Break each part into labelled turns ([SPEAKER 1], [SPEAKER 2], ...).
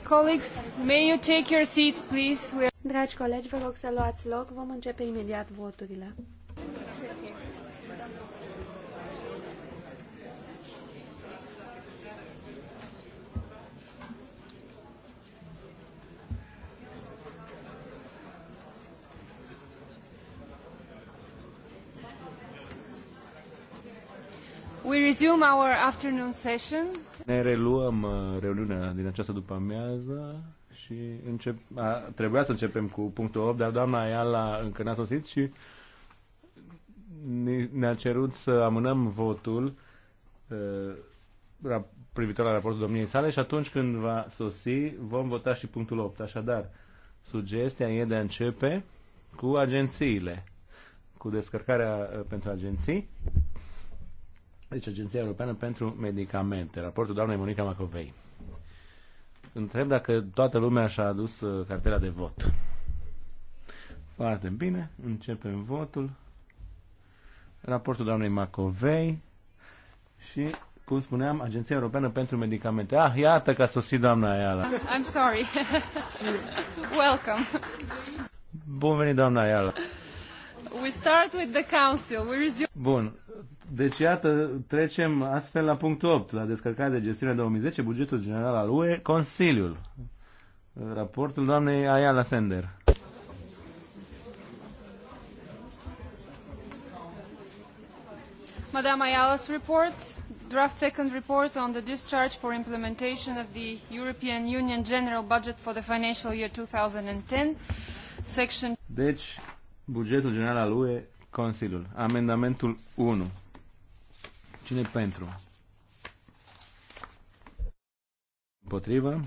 [SPEAKER 1] colleagues, may you take your seats, please? Dragi colegi, vă rog să luați loc. Vom începe imediat voturile.
[SPEAKER 2] We resume our afternoon session.
[SPEAKER 3] Ne reluăm uh, reuniunea din această după-amiază și încep, a, trebuia să începem cu punctul 8, dar doamna Iala încă n-a sosit și ne-a cerut să amânăm votul uh, privitor la raportul domniei sale și atunci când va sosi vom vota și punctul 8. Așadar, sugestia e de a începe cu agențiile, cu descărcarea uh, pentru agenții. Deci Agenția Europeană pentru Medicamente, raportul doamnei Monica Macovei. Întreb dacă toată lumea și-a adus uh, cartela de vot. Foarte bine, începem votul. Raportul doamnei Macovei și, cum spuneam, Agenția Europeană pentru Medicamente. Ah, iată că a sosit doamna Ayala.
[SPEAKER 2] I'm sorry. Welcome.
[SPEAKER 3] Bun venit, doamna Ayala.
[SPEAKER 2] We start with the council. We resume...
[SPEAKER 3] Bun, deci, iată, trecem astfel la punctul 8, la descărcarea de gestiune 2010, bugetul general al UE, Consiliul. Raportul doamnei Ayala Sender.
[SPEAKER 2] Madam Ayala's report, draft second report on the discharge for implementation of the European Union General Budget for the financial year 2010, section...
[SPEAKER 3] Deci, bugetul general al UE, Consiliul. Amendamentul 1. Cine pentru? Împotrivă?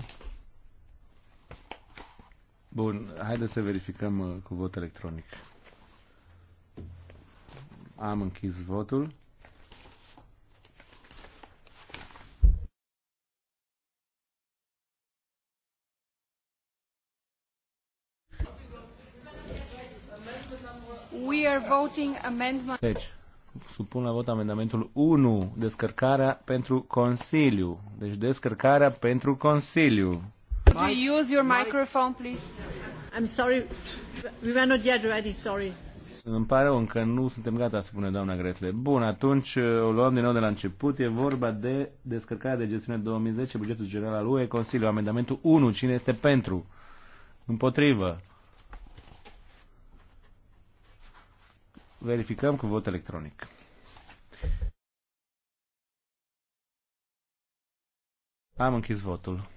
[SPEAKER 3] Bun, haideți să verificăm uh, cu vot electronic. Am închis votul.
[SPEAKER 2] We are voting amendment.
[SPEAKER 3] Deci, supun la vot amendamentul 1, descărcarea pentru Consiliu. Deci descărcarea pentru Consiliu.
[SPEAKER 2] Could you use your microphone, please? I'm sorry, we were not yet ready, sorry.
[SPEAKER 3] Îmi pare rău, încă nu suntem gata, spune doamna Gretle. Bun, atunci uh, o luăm din nou de la început. E vorba de descărcarea de gestiune 2010, bugetul general al UE, Consiliu, amendamentul 1. Cine este pentru? Împotrivă. Verificăm cu vot electronic. Am închis votul.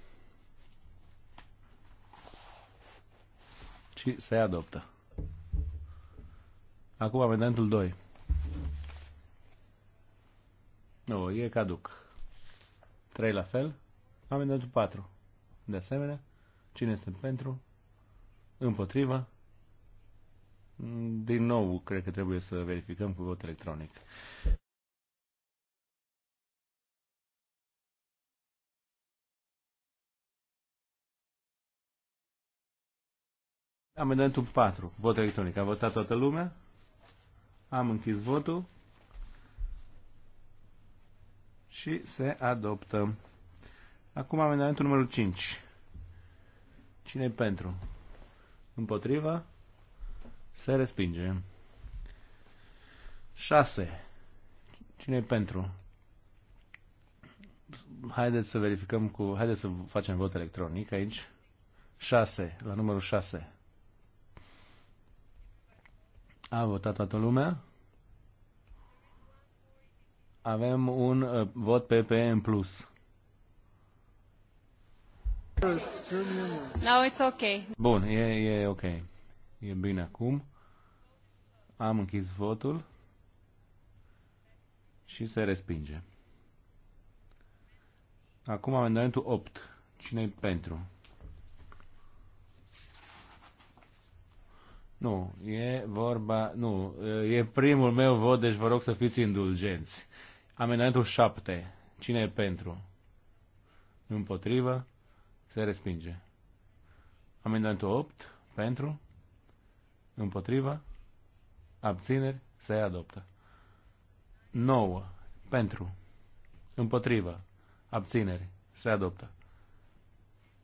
[SPEAKER 3] Și se adoptă. Acum amendamentul 2. Nu, e caduc. 3 la fel. Amendamentul 4. De asemenea, cine este pentru? Împotriva? Din nou, cred că trebuie să verificăm cu vot electronic. Amendamentul 4, vot electronic. A votat toată lumea? Am închis votul și se adoptă. Acum amendamentul numărul 5. cine pentru? Împotriva? Se respinge. 6. cine e pentru? Haideți să verificăm cu... Haideți să facem vot electronic aici. 6. La numărul 6. A votat toată lumea? Avem un uh, vot PP în plus.
[SPEAKER 2] Now it's okay.
[SPEAKER 3] Bun, e, e ok. E bine acum. Am închis votul și se respinge. Acum amendamentul 8. Cine-i pentru? Nu, e vorba, nu, e primul meu vot, deci vă rog să fiți indulgenți. Amendamentul 7. Cine e pentru? Împotrivă? Se respinge. Amendamentul 8. Pentru? Împotriva. Abțineri. Se adoptă. 9. Pentru. Împotriva. Abțineri. Se adoptă.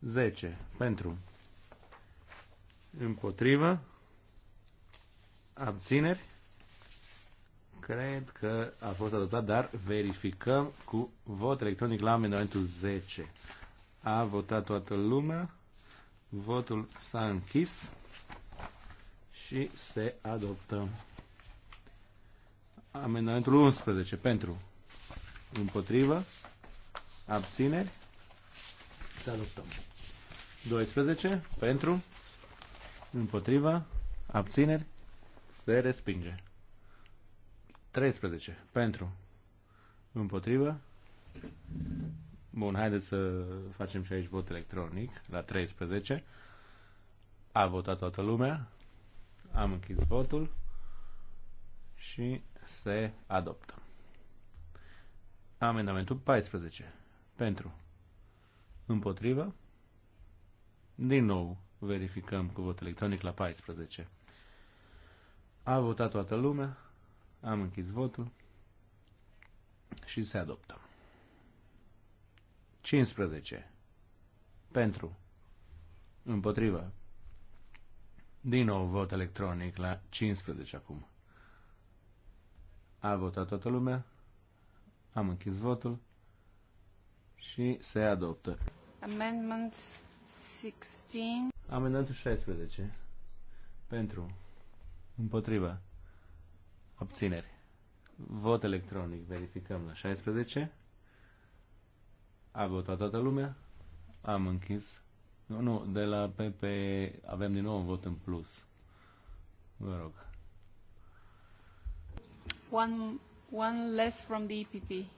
[SPEAKER 3] 10. Pentru. Împotriva. Abțineri. Cred că a fost adoptat, dar verificăm cu vot electronic la amendamentul 10. A votat toată lumea. Votul s-a închis și se adoptă. Amendamentul 11 pentru împotrivă abțineri se adoptă. 12 pentru împotrivă, abțineri se respinge. 13 pentru împotrivă. Bun, haideți să facem și aici vot electronic la 13. A votat toată lumea. Am închis votul și se adoptă. Amendamentul 14. Pentru. Împotrivă. Din nou verificăm cu vot electronic la 14. A votat toată lumea. Am închis votul și se adoptă. 15. Pentru. Împotrivă. Din nou vot electronic la 15 acum. A votat toată lumea. Am închis votul. Și se adoptă.
[SPEAKER 2] Amendment 16.
[SPEAKER 3] Amendamentul 16. Pentru. Împotriva. Obțineri. Vot electronic. Verificăm la 16. A votat toată lumea. Am închis nu, nu, de la PP avem din nou un vot în plus. Vă rog.
[SPEAKER 2] One, one less from the EPP.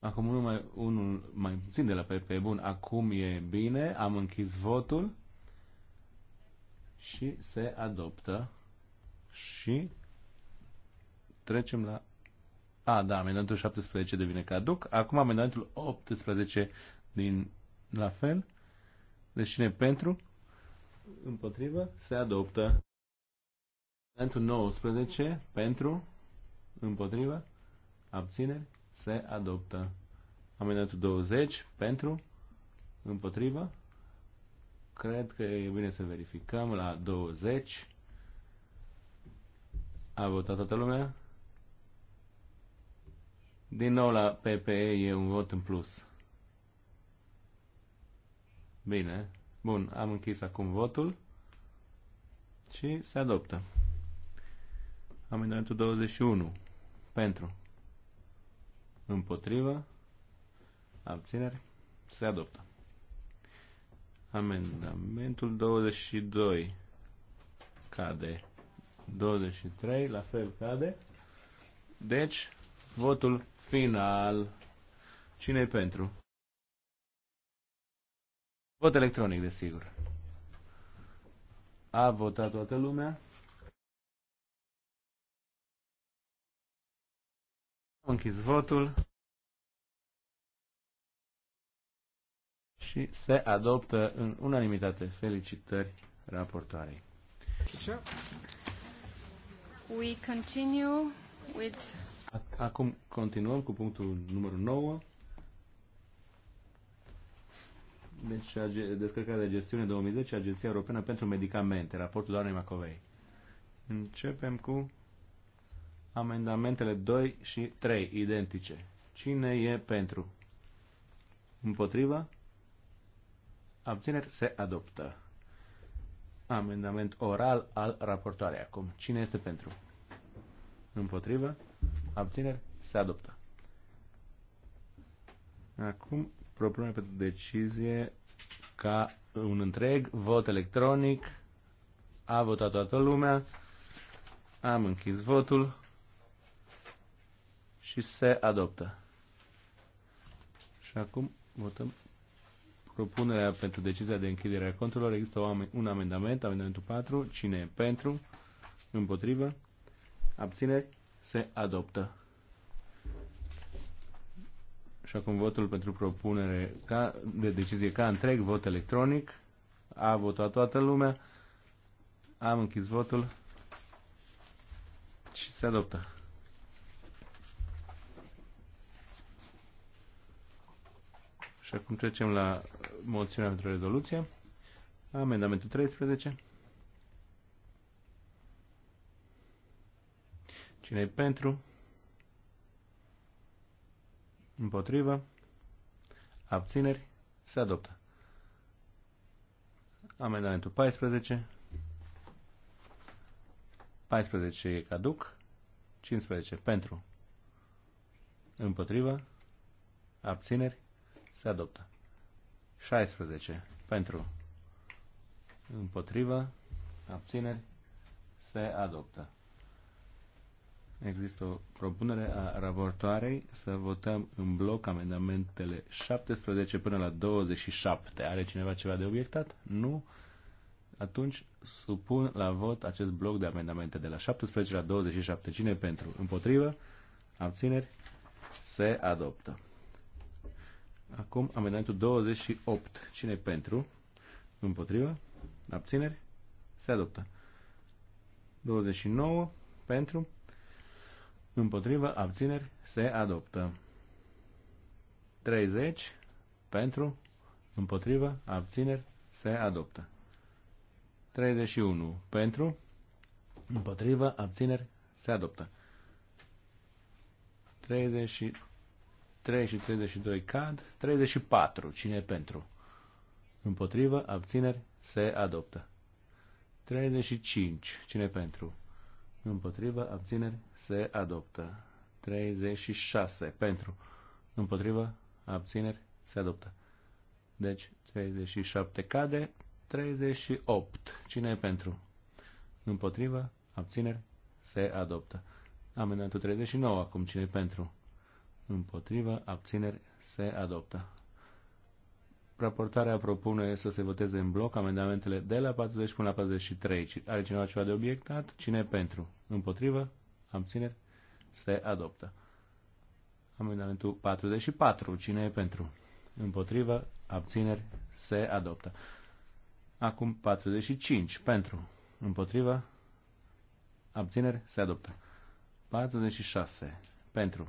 [SPEAKER 3] Acum unul mai, unul mai puțin de la PP. Bun, acum e bine, am închis votul și se adoptă și trecem la a, da, amendamentul 17 devine caduc. Acum amendamentul 18 din la fel. Deci cine pentru? Împotrivă? Se adoptă. Amendamentul 19. Pentru? Împotrivă? Abțineri? Se adoptă. Amendamentul 20. Pentru? Împotrivă? Cred că e bine să verificăm la 20. A votat toată lumea? Din nou la PPE e un vot în plus. Bine. Bun, am închis acum votul și se adoptă. Amendamentul 21. Pentru. Împotrivă. Abțineri. Se adoptă. Amendamentul 22 cade. 23 la fel cade. Deci, votul final. Cine e pentru? Vot electronic, desigur. A votat toată lumea. Am închis votul. Și se adoptă în unanimitate. Felicitări raportoarei.
[SPEAKER 2] We continue with...
[SPEAKER 3] Acum continuăm cu punctul numărul 9. Deci, descărcarea de gestiune 2010, Agenția Europeană pentru Medicamente, raportul doamnei Macovei. Începem cu amendamentele 2 și 3, identice. Cine e pentru? Împotriva? Abțineri se adoptă. Amendament oral al raportoarei acum. Cine este pentru? Împotrivă? Abțineri? Se adoptă. Acum propune pentru decizie ca un întreg vot electronic. A votat toată lumea. Am închis votul și se adoptă. Și acum votăm propunerea pentru decizia de închidere a conturilor. Există un amendament, amendamentul 4. Cine e pentru? Împotrivă? Abțineri? Se adoptă. Și acum votul pentru propunere ca, de decizie ca întreg, vot electronic. A votat toată lumea. Am închis votul și se adoptă. Și acum trecem la moțiunea pentru rezoluție. Amendamentul 13. Cine e pentru? Împotrivă. Abțineri. Se adoptă. Amendamentul 14. 14 e caduc. 15 pentru. Împotrivă. Abțineri. Se adoptă. 16 pentru. Împotrivă. Abțineri. Se adoptă. Există o propunere a raportoarei să votăm în bloc amendamentele 17 până la 27. Are cineva ceva de obiectat? Nu? Atunci supun la vot acest bloc de amendamente de la 17 la 27. Cine pentru? Împotrivă? Abțineri? Se adoptă. Acum amendamentul 28. Cine pentru? Împotrivă? Abțineri? Se adoptă. 29 pentru? Împotrivă, abțineri, se adoptă. 30. Pentru, împotrivă, abțineri, se adoptă. 31. Pentru, împotrivă, abțineri, se adoptă. 30. 3 și 32 cad. 34. Cine e pentru? Împotrivă, abțineri, se adoptă. 35. Cine e pentru? împotriva, abțineri, se adoptă. 36 pentru, împotriva, abțineri, se adoptă. Deci 37 cade, 38. Cine e pentru? Împotriva, abțineri, se adoptă. Amendamentul 39 acum, cine e pentru? Împotriva, abțineri, se adoptă. Raportarea propune să se voteze în bloc amendamentele de la 40 până la 43. Are cineva ceva de obiectat? Cine pentru? Împotrivă? Abțineri? Se adoptă. Amendamentul 44. Cine e pentru? Împotrivă? Abțineri? Se adoptă. Acum 45. Pentru? Împotrivă? Abțineri? Se adoptă. 46. Pentru?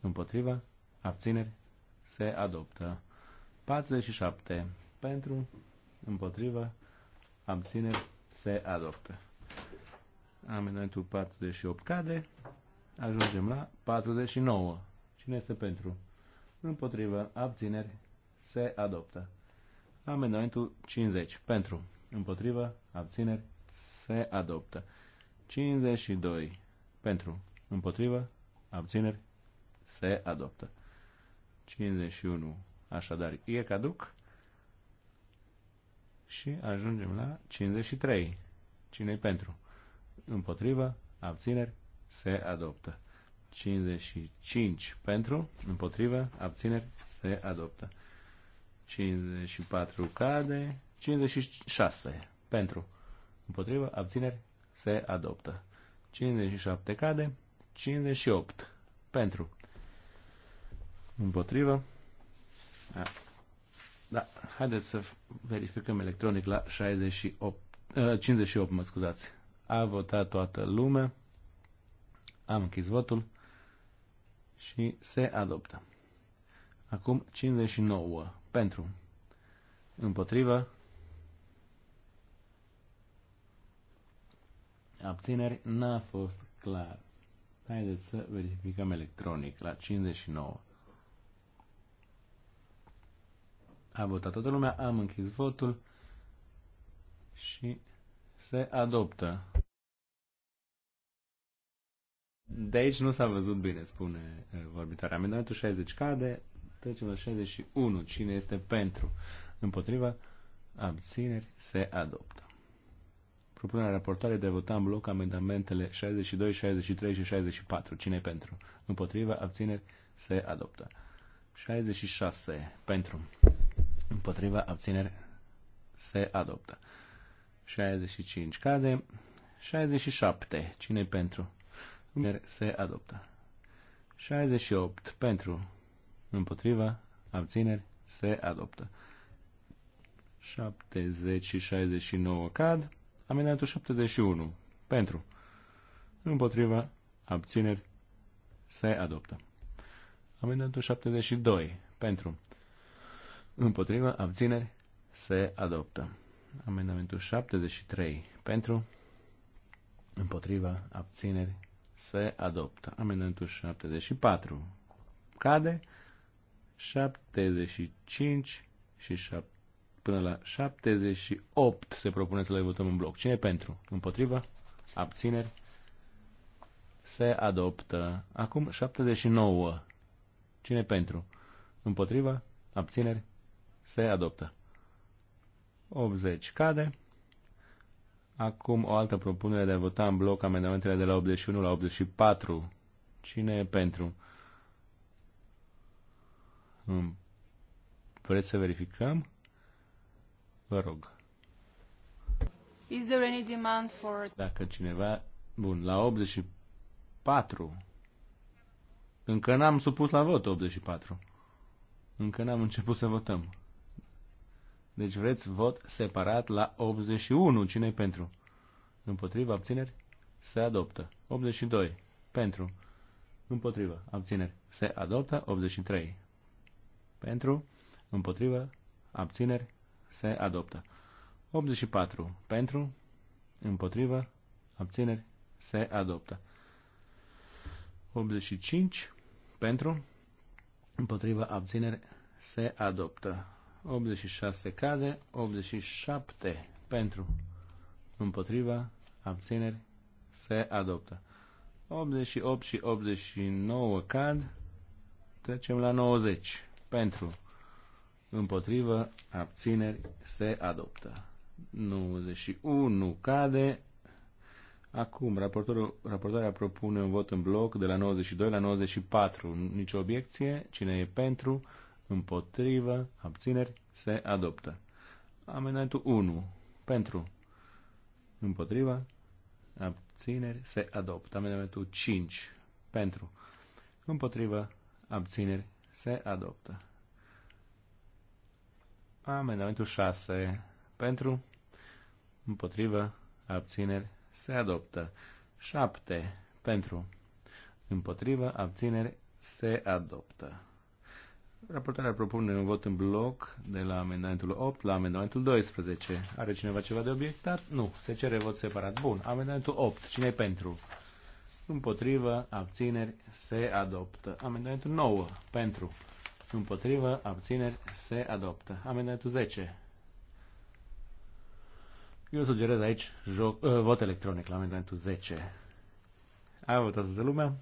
[SPEAKER 3] Împotrivă? Abțineri? Se adoptă. 47 pentru, împotriva, abțineri, se adoptă. Amendamentul 48 cade, ajungem la 49. Cine este pentru? Împotriva, abțineri, se adoptă. Amendamentul 50 pentru, împotriva, abțineri, se adoptă. 52 pentru, împotriva, abțineri, se adoptă. 51 Așadar, e caduc și ajungem la 53. cine pentru? Împotrivă, abțineri, se adoptă. 55 pentru, împotrivă, abțineri, se adoptă. 54 cade, 56 pentru, împotrivă, abțineri, se adoptă. 57 cade, 58 pentru, împotrivă, da. da. Haideți să verificăm electronic la 68, 58, ă, mă scuzați. A votat toată lumea. Am închis votul și se adoptă. Acum 59 pentru împotrivă abțineri n-a fost clar. Haideți să verificăm electronic la 59. A votat toată lumea, am închis votul și se adoptă. De aici nu s-a văzut bine, spune uh, vorbitoarea. Amendamentul 60 cade, trecem la 61. Cine este pentru? Împotriva? Abțineri? Se adoptă. Propunerea raportoare de a vota în bloc amendamentele 62, 63 și 64. Cine pentru? Împotriva? Abțineri? Se adoptă. 66. Pentru împotriva abțineri se adoptă. 65 cade, 67 cine pentru, Abțineri se adoptă. 68 pentru, împotriva abțineri se adoptă. 70 și 69 cad, amendatul 71 pentru, împotriva abțineri se adoptă. Amendatul 72 pentru, Împotrivă, abțineri, se adoptă. Amendamentul 73 pentru, împotriva, abțineri, se adoptă. Amendamentul 74 cade, 75 și 7 până la 78 se propune să le votăm în bloc. Cine pentru? Împotriva? Abțineri? Se adoptă. Acum 79. Cine pentru? Împotriva? Abțineri? Se adoptă. 80 cade. Acum o altă propunere de a vota în bloc amendamentele de la 81 la 84. Cine e pentru? Hmm. Vreți să verificăm? Vă rog.
[SPEAKER 2] Is there any demand for... Dacă
[SPEAKER 3] cineva... Bun, la 84. Încă n-am supus la vot 84. Încă n-am început să votăm. Deci vreți vot separat la 81. Cine-i pentru? Împotriva abțineri? Se adoptă. 82. Pentru. Împotriva abțineri. Se adoptă. 83. Pentru. Împotriva abțineri. Se adoptă. 84. Pentru. Împotriva abțineri. Se adoptă. 85. Pentru. Împotriva abțineri. Se adoptă. 86 cade, 87 pentru, împotriva, abțineri, se adoptă. 88 și 89 cad, trecem la 90 pentru, împotrivă, abțineri, se adoptă. 91 cade. Acum, raportorul, raportarea propune un vot în bloc de la 92 la 94. nicio obiecție. Cine e pentru? împotrivă, abțineri, se adoptă. Amendamentul 1, pentru, împotrivă, abțineri, se adoptă. Amendamentul 5, pentru, împotrivă, abțineri, se adoptă. Amendamentul 6, pentru, împotrivă, abțineri, se adoptă. 7, pentru, împotrivă, abțineri, se adoptă. Raportarea propune un vot în bloc de la amendamentul 8 la amendamentul 12. Are cineva ceva de obiectat? Nu. Se cere vot separat. Bun. Amendamentul 8. Cine e pentru? Împotrivă, abțineri, se adoptă. Amendamentul 9. Pentru. Împotrivă, abțineri, se adoptă. Amendamentul 10. Eu sugerez aici joc, uh, vot electronic la amendamentul 10. A votat toată lumea.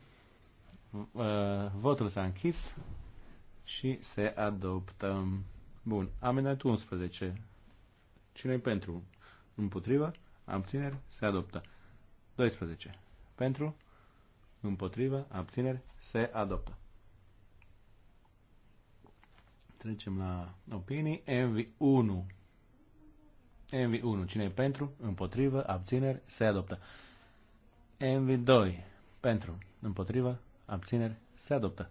[SPEAKER 3] Uh, votul s-a închis și se adoptă. Bun, amendamentul 11. Cine pentru? Împotrivă? Abțineri? Se adoptă. 12. Pentru? Împotrivă? Abțineri? Se adoptă. Trecem la opinii. MV1. MV1. Cine e pentru? Împotrivă? Abțineri? Se adoptă. MV2. Pentru? Împotrivă? Abțineri? Se adoptă.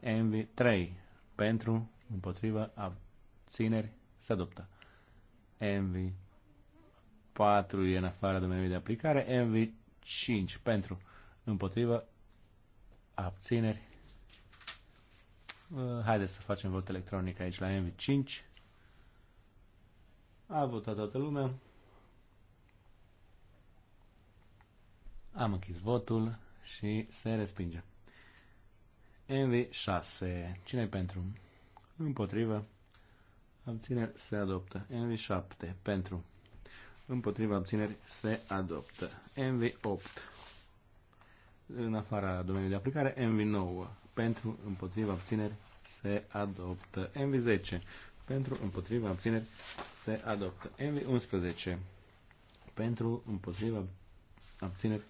[SPEAKER 3] Envi 3 pentru, împotriva, abțineri, se adoptă. Envi 4 e în afara domeniului de aplicare. Envi 5 pentru, împotriva, abțineri. Uh, haideți să facem vot electronic aici la Envi 5. A votat toată lumea. Am închis votul și se respinge. NV6. cine pentru? Împotrivă. Abțineri se adoptă. NV7. Pentru. Împotriva abțineri se adoptă. NV8. În afara domeniului de aplicare. NV9. Pentru. Împotriva abțineri se adoptă. NV10. Pentru. Împotriva abțineri se adoptă. NV11. Pentru. Împotriva abțineri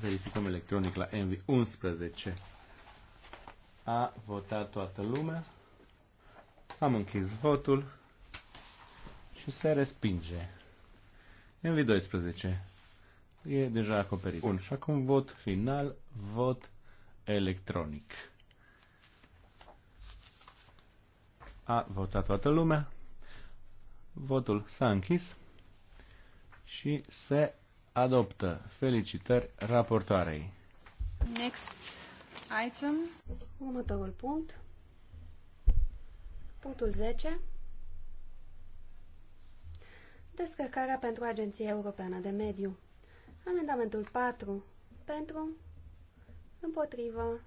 [SPEAKER 3] verificăm electronic la NV11. A votat toată lumea. Am închis votul și se respinge. MV12 e deja acoperit. Bun, și acum vot final, vot electronic. A votat toată lumea. Votul s-a închis și se adoptă. Felicitări raportoarei.
[SPEAKER 1] Next item. Următorul punct. Punctul 10. Descărcarea pentru Agenția Europeană de Mediu. Amendamentul 4. Pentru. Împotrivă.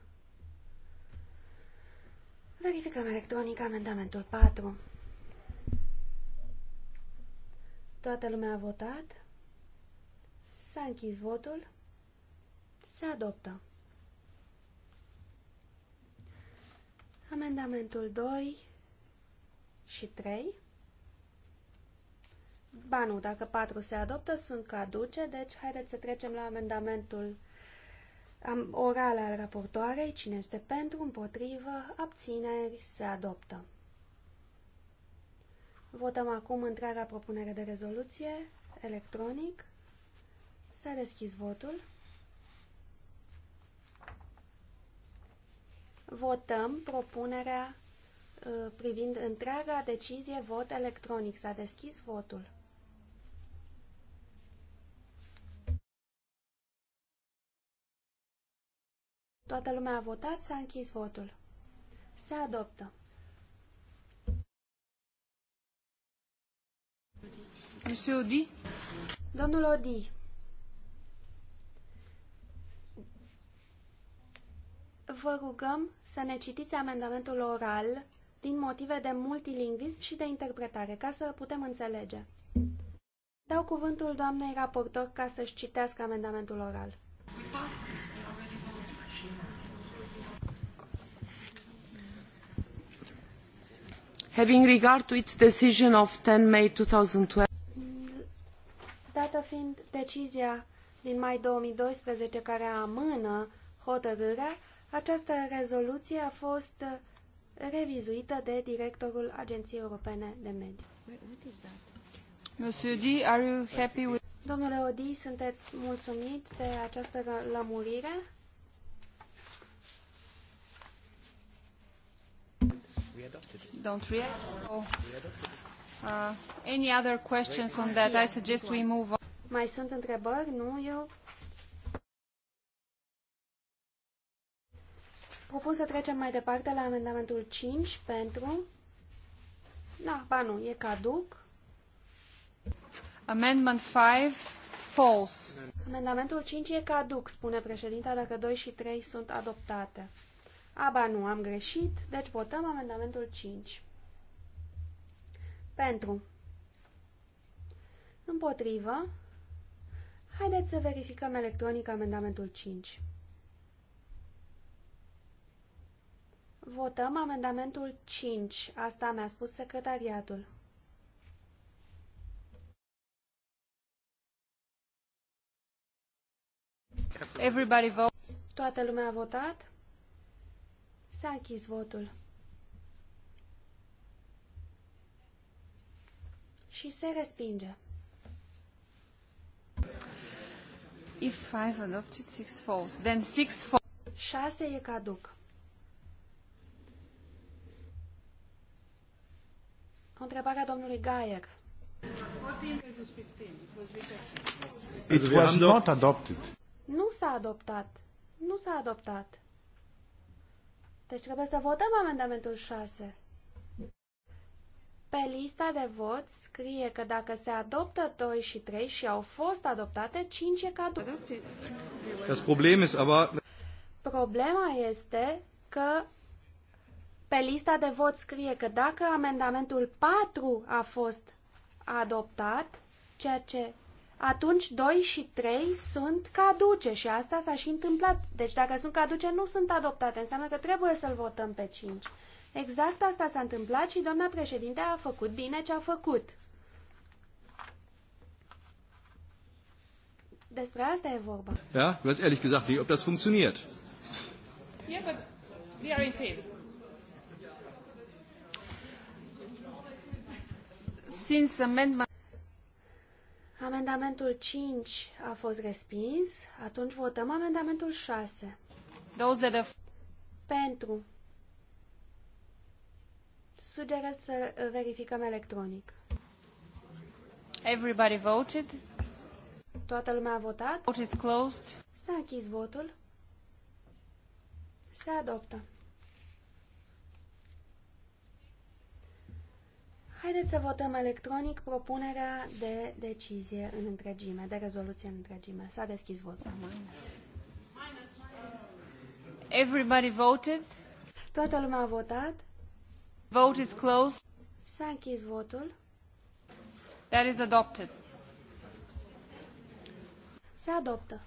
[SPEAKER 1] Verificăm electronic amendamentul 4. Toată lumea a votat. S-a închis votul. Se adoptă. Amendamentul 2 și 3. Ba nu, dacă 4 se adoptă, sunt caduce, deci haideți să trecem la amendamentul oral al raportoarei. Cine este pentru, împotrivă, abțineri, se adoptă. Votăm acum întreaga propunere de rezoluție electronic. S-a deschis votul. Votăm propunerea uh, privind întreaga decizie vot electronic. S-a deschis votul. Toată lumea a votat, s-a închis votul. Se adoptă. Monsieur Odi? Domnul Odi. vă rugăm să ne citiți amendamentul oral din motive de multilingvism și de interpretare, ca să putem înțelege. Dau cuvântul doamnei raportor ca să-și citească amendamentul oral. Having regard to its decision of 10 May 2012, dată fiind decizia din mai 2012 care amână hotărârea, această rezoluție a fost uh, revizuită de directorul Agenției Europene de Mediu. Domnule Odi, sunteți mulțumit de această lămurire?
[SPEAKER 2] Don't react. So, oh. uh, any other questions on that? I suggest we move on. Mai
[SPEAKER 1] sunt întrebări? Nu, eu Propun să trecem mai departe la amendamentul 5 pentru... Da, ba nu, e caduc.
[SPEAKER 2] Amendment 5, false.
[SPEAKER 1] Amendamentul 5 e caduc, spune președinta, dacă 2 și 3 sunt adoptate. A, ba nu, am greșit, deci votăm amendamentul 5. Pentru. Împotrivă. Haideți să verificăm electronic amendamentul 5. Votăm amendamentul 5. Asta mi-a spus secretariatul. Everybody vote. Toată lumea a votat? S-a închis votul. Și se respinge.
[SPEAKER 2] If five adopted, six falls. Then six falls. Șase e caduc.
[SPEAKER 1] O întrebare a domnului Gaier.
[SPEAKER 2] It was not
[SPEAKER 4] adopted.
[SPEAKER 1] Nu s-a adoptat. Nu s-a adoptat. Deci trebuie să votăm amendamentul 6. Pe lista de vot scrie că dacă se adoptă 2 și 3 și au fost adoptate, 5 e caduc. Das
[SPEAKER 4] Problem ist aber...
[SPEAKER 1] Problema este că pe lista de vot scrie că dacă amendamentul 4 a fost adoptat, ceea ce atunci 2 și 3 sunt caduce și asta s-a și întâmplat. Deci dacă sunt caduce, nu sunt adoptate. Înseamnă că trebuie să-l votăm pe 5. Exact asta s-a întâmplat și doamna președinte a făcut bine ce a făcut. Despre asta e vorba.
[SPEAKER 4] Ja, du hast ehrlich gesagt, ob das funktioniert.
[SPEAKER 1] Yeah, but we are in favor. since amendment... Amendamentul 5 a fost respins, atunci votăm amendamentul 6. Those the... Pentru. Sugerez să verificăm electronic. Everybody voted. Toată lumea a votat. Vote is closed. S-a închis votul. Se adoptă. Haideți să votăm electronic propunerea de decizie în întregime, de rezoluție în întregime. S-a deschis votul.
[SPEAKER 5] Everybody
[SPEAKER 1] voted. Toată lumea a votat. Vote is closed. S-a închis votul. That is adopted. Se adoptă.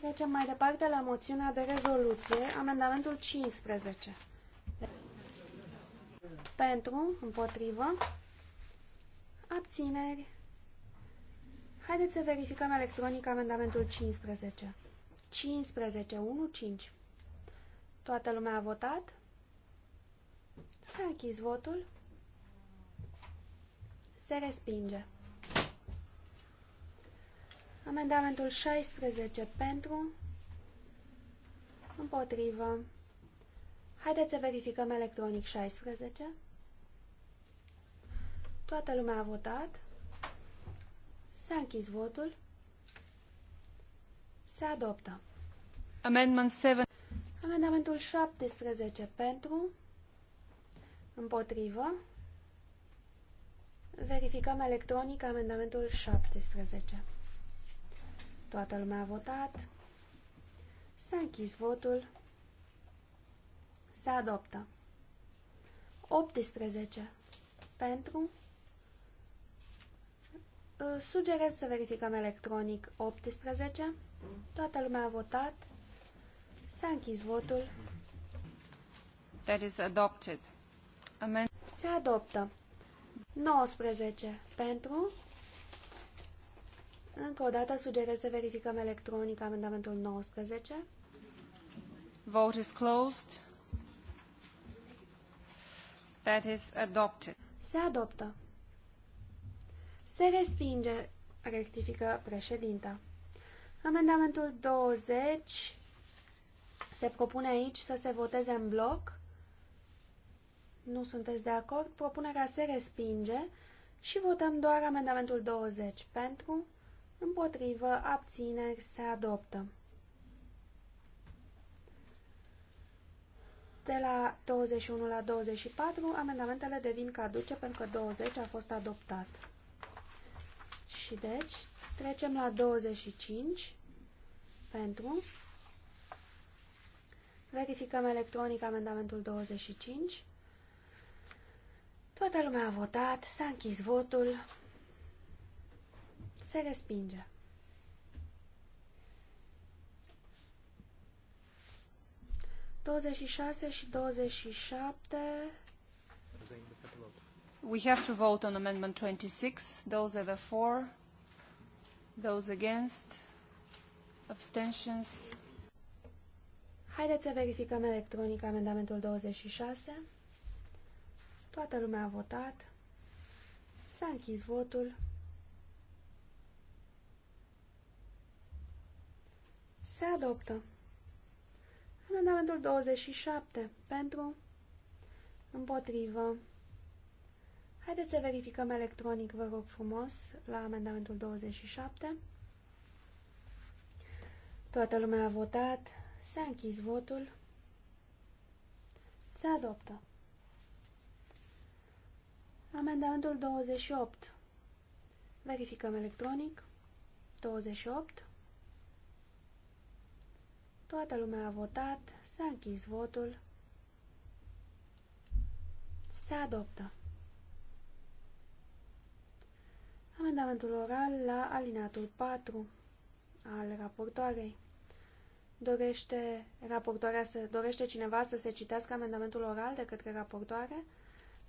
[SPEAKER 1] Trecem mai departe la moțiunea de rezoluție, amendamentul 15. Pentru, împotrivă, abțineri. Haideți să verificăm electronic amendamentul 15. 15, 1, 5. Toată lumea a votat? S-a închis votul. Se respinge. Amendamentul 16 pentru, împotrivă. Haideți să verificăm electronic 16. Toată lumea a votat. S-a închis votul. Se adoptă. Amendment 7. Amendamentul 17 pentru. Împotrivă. Verificăm electronic amendamentul 17. Toată lumea a votat. S-a închis votul. Se adoptă. 18 pentru. Uh, sugerez să verificăm electronic 18. Toată lumea a votat. S-a închis votul.
[SPEAKER 2] That is adopted.
[SPEAKER 1] Amen. Se adoptă. 19 pentru. Încă o dată sugerez să verificăm electronic amendamentul 19. Vote is closed. That is adopted. Se adoptă. Se respinge, rectifică președinta. Amendamentul 20 se propune aici să se voteze în bloc. Nu sunteți de acord? Propunerea se respinge și votăm doar amendamentul 20 pentru, împotrivă, abțineri, se adoptă. De la 21 la 24, amendamentele devin caduce pentru că 20 a fost adoptat. Și deci, trecem la 25 pentru. Verificăm electronic amendamentul 25. Toată lumea a votat, s-a închis votul, se respinge. Douăzeci și șase și douăzeci și șapte
[SPEAKER 2] We have to vote on Amendment 26. Those that are for,
[SPEAKER 1] those against, abstentions. Haideți să verificăm electronic amendamentul 26. Toată lumea a votat. S-a închis votul. Se adoptă. Amendamentul 27. Pentru. Împotrivă. Haideți să verificăm electronic, vă rog frumos, la amendamentul 27. Toată lumea a votat, s-a închis votul, se adoptă. Amendamentul 28. Verificăm electronic. 28. Toată lumea a votat, s-a închis votul, se adoptă. Amendamentul oral la alinatul 4 al raportoarei. Dorește raportoarea să, dorește cineva să se citească amendamentul oral de către raportoare?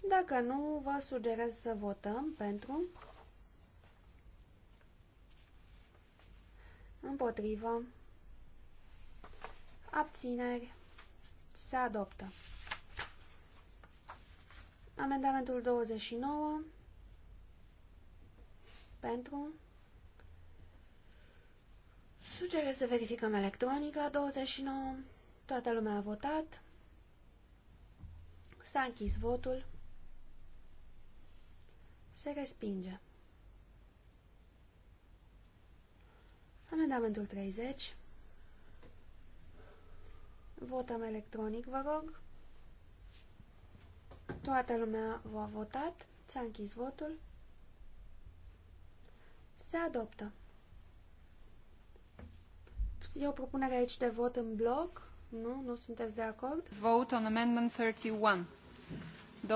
[SPEAKER 1] Dacă nu, vă sugerez să votăm pentru, împotrivă, abțineri, se adoptă. Amendamentul 29 pentru. Sugere să verificăm electronic la 29. Toată lumea a votat. S-a închis votul. Se respinge. Amendamentul 30. Votăm electronic, vă rog. Toată lumea v-a votat. S-a închis votul. Se adoptă. E o propunere aici de vot în bloc. Nu? Nu sunteți de acord?
[SPEAKER 2] Vote on amendment 31. Do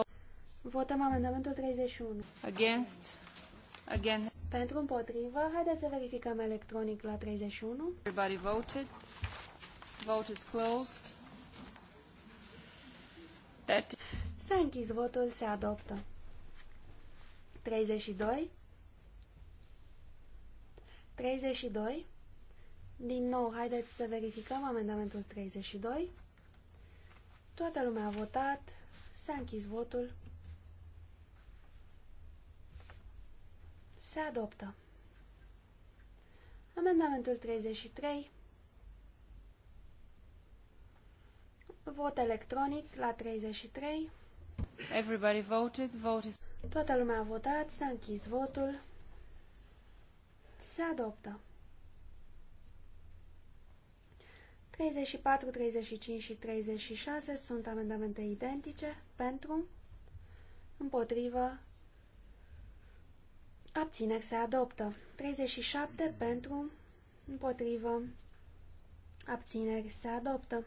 [SPEAKER 1] Votăm amendamentul 31. Against. Again. Pentru împotrivă, haideți să verificăm electronic la 31. Everybody voted. Vote is closed. That... S-a închis votul, se adoptă. 32. 32. Din nou, haideți să verificăm amendamentul 32. Toată lumea a votat. S-a închis votul. Se adoptă. Amendamentul 33. Vot electronic la 33. Everybody voted. Vote is... Toată lumea a votat. S-a închis votul se adoptă. 34, 35 și 36 sunt amendamente identice pentru, împotrivă, abțineri se adoptă. 37 pentru, împotrivă, abțineri se adoptă.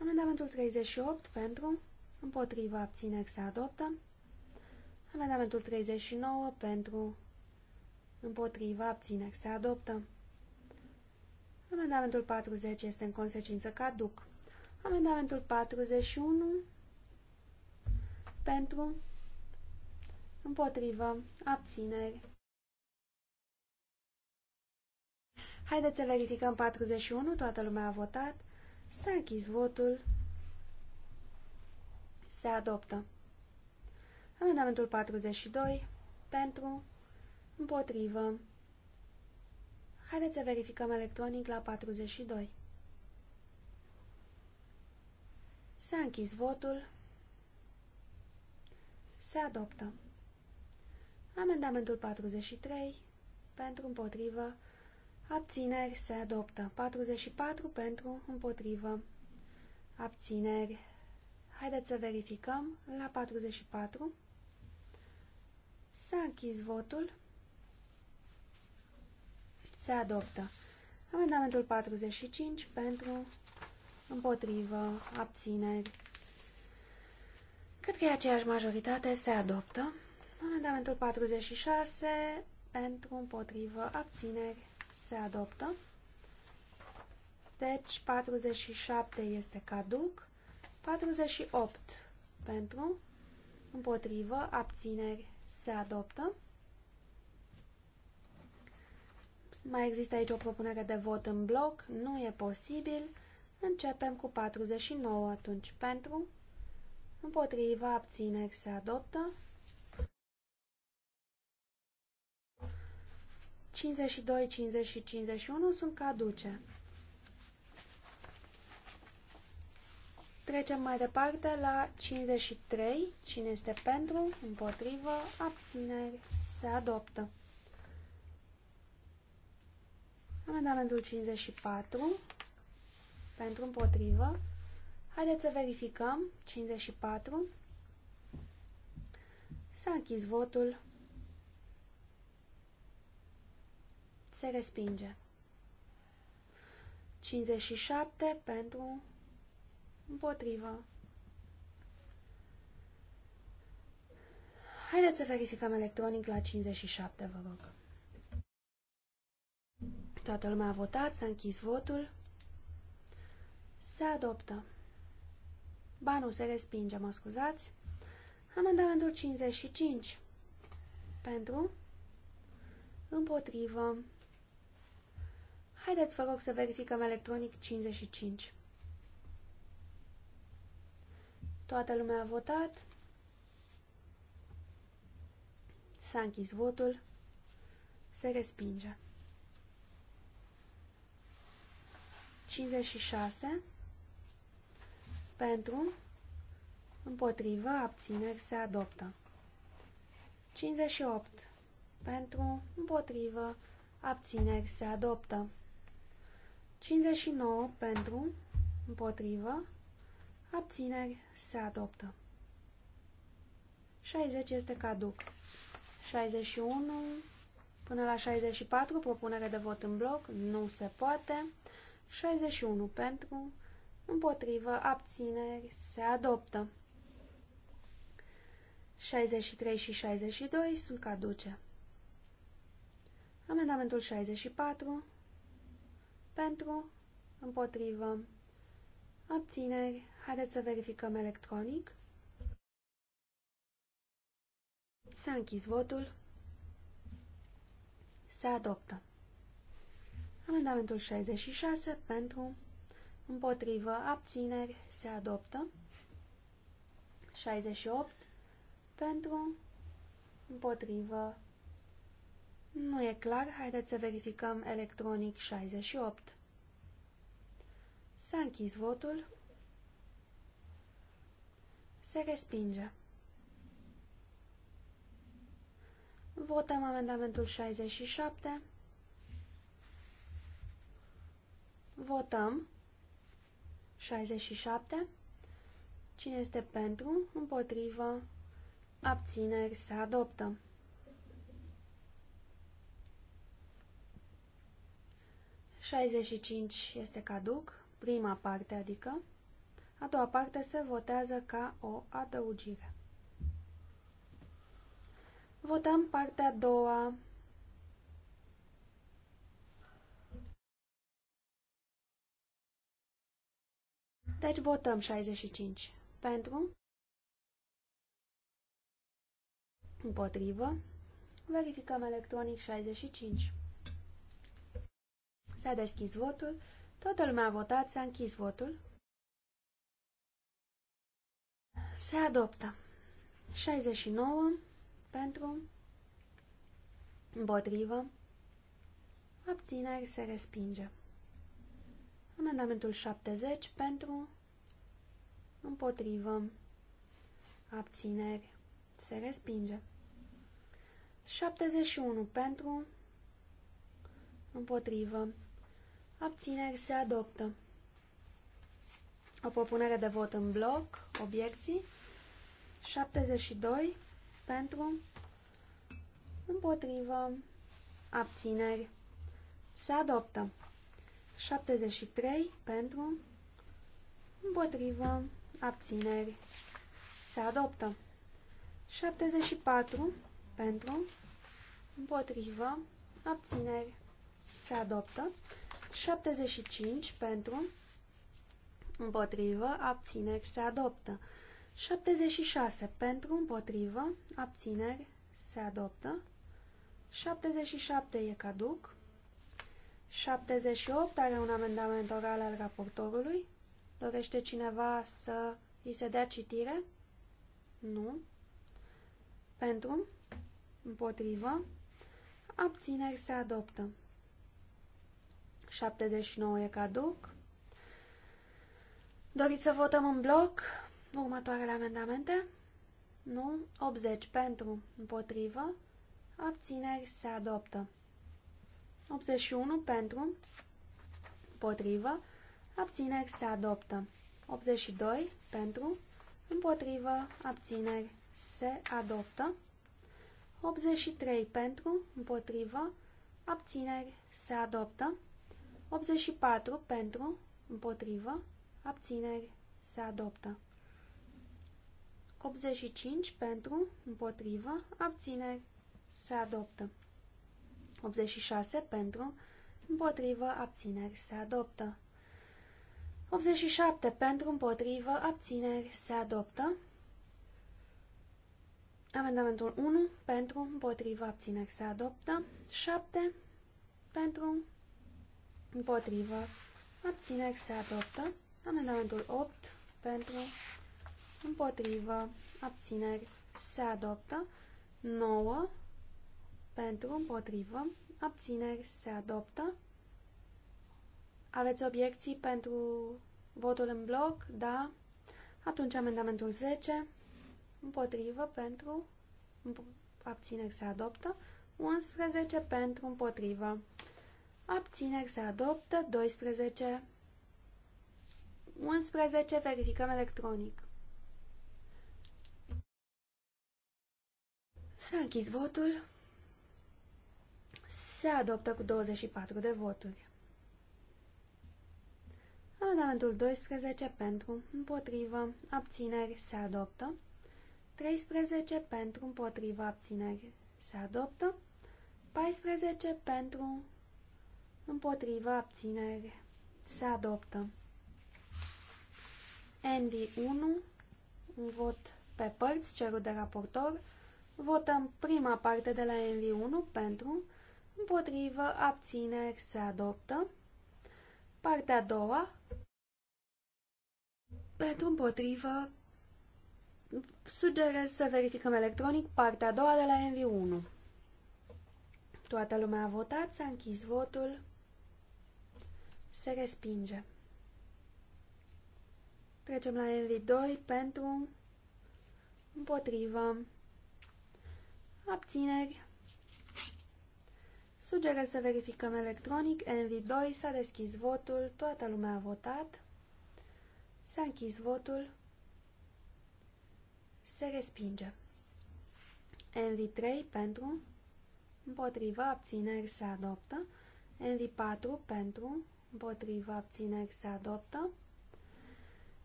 [SPEAKER 1] Amendamentul 38 pentru, împotrivă, abțineri se adoptă. Amendamentul 39 pentru, Împotriva abțineri se adoptă. Amendamentul 40 este în consecință caduc. Amendamentul 41 pentru, împotrivă, abțineri. Haideți să verificăm 41, toată lumea a votat, s-a închis votul, se adoptă. Amendamentul 42, pentru, Împotrivă. Haideți să verificăm electronic la 42. S-a închis votul. Se adoptă. Amendamentul 43 pentru împotrivă. Abțineri se adoptă. 44 pentru împotrivă. Abțineri. Haideți să verificăm la 44. S-a închis votul se adoptă. Amendamentul 45 pentru, împotrivă, abțineri. Cred că e aceeași majoritate, se adoptă. Amendamentul 46 pentru, împotrivă, abțineri, se adoptă. Deci 47 este caduc. 48 pentru, împotrivă, abțineri, se adoptă. Mai există aici o propunere de vot în bloc, nu e posibil. Începem cu 49 atunci pentru, împotriva abțineri se adoptă. 52, 50 și 51 sunt caduce. Trecem mai departe la 53. Cine este pentru, împotrivă, abțineri, se adoptă. Amendamentul 54 pentru împotrivă. Haideți să verificăm. 54. S-a închis votul. Se respinge. 57 pentru împotrivă. Haideți să verificăm electronic la 57, vă rog. Toată lumea a votat, s-a închis votul. Se adoptă. Ba nu, se respinge, mă scuzați. Amendamentul 55. Pentru? Împotrivă. Haideți, vă rog, să verificăm electronic 55. Toată lumea a votat. S-a închis votul. Se respinge. 56 pentru, împotrivă, abțineri se adoptă. 58 pentru, împotrivă, abțineri se adoptă. 59 pentru, împotrivă, abțineri se adoptă. 60 este caduc. 61 până la 64, propunere de vot în bloc, nu se poate. 61 pentru, împotrivă, abțineri, se adoptă. 63 și 62 sunt caduce. Amendamentul 64 pentru, împotrivă, abțineri. Haideți să verificăm electronic. S-a închis votul. Se adoptă. Amendamentul 66 pentru, împotrivă, abțineri, se adoptă. 68 pentru, împotrivă, nu e clar, haideți să verificăm electronic 68. S-a închis votul. Se respinge. Votăm amendamentul 67 Votăm. 67. Cine este pentru, împotrivă, abțineri, se adoptă. Șaizeci este caduc, prima parte adică. A doua parte se votează ca o adăugire. Votăm partea a doua Deci votăm 65 pentru, împotrivă, verificăm electronic 65. S-a deschis votul, toată lumea a votat, s-a închis votul. Se adoptă 69 pentru, împotrivă, abțineri se respinge. Amendamentul 70 pentru, împotrivă, abțineri, se respinge. 71 pentru, împotrivă, abțineri, se adoptă. O propunere de vot în bloc, obiecții, 72 pentru, împotrivă, abțineri, se adoptă. 73 pentru, împotrivă, abțineri, se adoptă. 74 pentru, împotrivă, abțineri, se adoptă. 75 pentru, împotrivă, abțineri, se adoptă. 76 pentru, împotrivă, abțineri, se adoptă. 77 e caduc. 78 are un amendament oral al raportorului. Dorește cineva să îi se dea citire? Nu. Pentru? Împotrivă? Abțineri se adoptă. 79 e caduc. Doriți să votăm în bloc următoarele amendamente? Nu. 80 pentru, împotrivă. Abțineri se adoptă. 81 pentru, împotrivă, abțineri se adoptă. 82 pentru, împotrivă, abțineri se adoptă. 83 pentru, împotrivă, abțineri se adoptă. 84 pentru, împotrivă, abțineri se adoptă. 85 pentru, împotrivă, abțineri se adoptă. 86 pentru, împotrivă, abțineri, se adoptă. 87 pentru, împotrivă, abțineri, se adoptă. Amendamentul 1 pentru, împotrivă, abțineri, se adoptă. 7 pentru, împotrivă, abțineri, se adoptă. Amendamentul 8 pentru, împotrivă, abțineri, se adoptă. 9 pentru, împotrivă, abțineri se adoptă. Aveți obiecții pentru votul în bloc? Da. Atunci amendamentul 10, împotrivă, pentru, abțineri se adoptă. 11 pentru, împotrivă. Abțineri se adoptă, 12 11. Verificăm electronic. S-a închis votul se adoptă cu 24 de voturi. Amendamentul 12 pentru, împotrivă, abțineri se adoptă. 13 pentru, împotrivă, abțineri se adoptă. 14 pentru, împotrivă, abțineri se adoptă. NV1, un vot pe părți cerut de raportor. Votăm prima parte de la NV1 pentru, împotrivă, abțineri, se adoptă. Partea a doua, pentru împotrivă, sugerez să verificăm electronic partea a doua de la NV1. Toată lumea a votat, s-a închis votul, se respinge. Trecem la NV2 pentru împotrivă, abțineri, Sugere să verificăm electronic. NV2 s-a deschis votul, toată lumea a votat. S-a închis votul. Se respinge. NV3 pentru, Împotriva abțineri se adoptă. NV4 pentru, Împotriva abțineri se adoptă.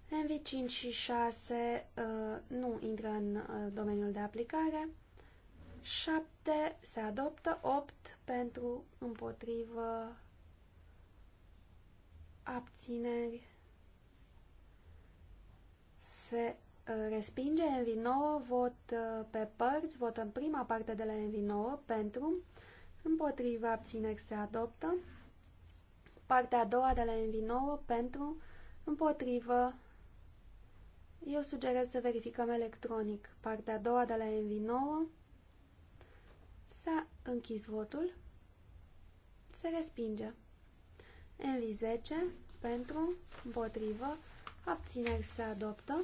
[SPEAKER 1] NV5 și 6 uh, nu intră în uh, domeniul de aplicare. 7 se adoptă, 8 pentru împotrivă abțineri se uh, respinge NV9, vot uh, pe părți, vot în prima parte de la NV9 pentru, împotrivă abțineri se adoptă, partea a doua de la NV9 pentru, împotrivă, eu sugerez să verificăm electronic, partea a doua de la NV9, S-a închis votul. Se respinge. NV10 pentru, împotrivă, abțineri se adoptă.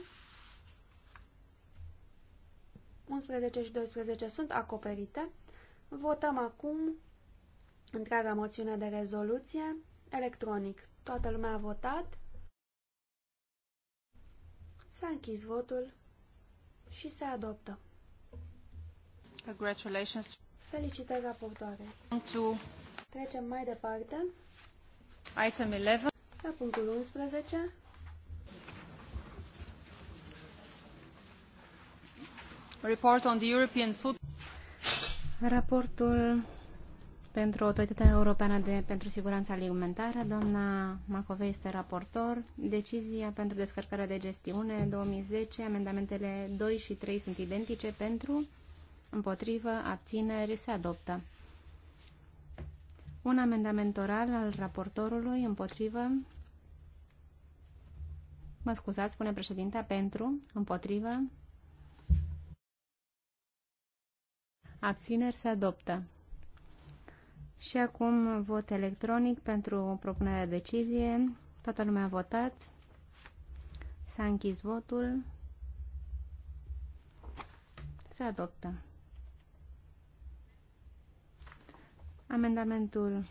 [SPEAKER 1] 11 și 12 sunt acoperite. Votăm acum întreaga moțiune de rezoluție electronic. Toată lumea a votat. S-a închis votul și se adoptă. Congratulations. Felicitări raportoare. To... Trecem mai departe.
[SPEAKER 2] Item 11. La
[SPEAKER 1] punctul 11.
[SPEAKER 2] Report on the European Food.
[SPEAKER 5] Raportul pentru Autoritatea Europeană de, pentru Siguranța Alimentară, doamna Macovei este raportor. Decizia pentru descărcarea de gestiune 2010, amendamentele 2 și 3 sunt identice pentru, împotrivă, abțineri, se adoptă. Un amendament oral al raportorului împotrivă, mă scuzați, spune președinta, pentru, împotrivă, abțineri, se adoptă. Și acum vot electronic pentru propunerea de decizie. Toată lumea a votat. S-a închis votul. Se adoptă. Amendamentul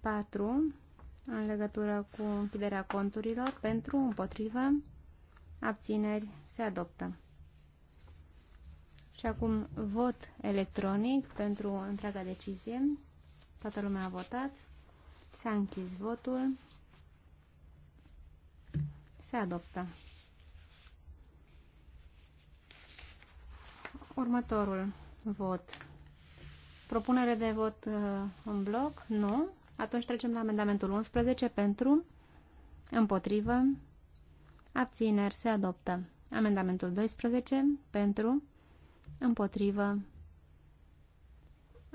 [SPEAKER 5] 4 în legătură cu închiderea conturilor pentru, împotrivă, abțineri se adoptă. Și acum vot electronic pentru întreaga decizie. Toată lumea a votat. S-a închis votul. Se adoptă. Următorul vot Propunere de vot uh, în bloc? Nu. Atunci trecem la amendamentul 11 pentru, împotrivă, abțineri, se adoptă. Amendamentul 12 pentru, împotrivă.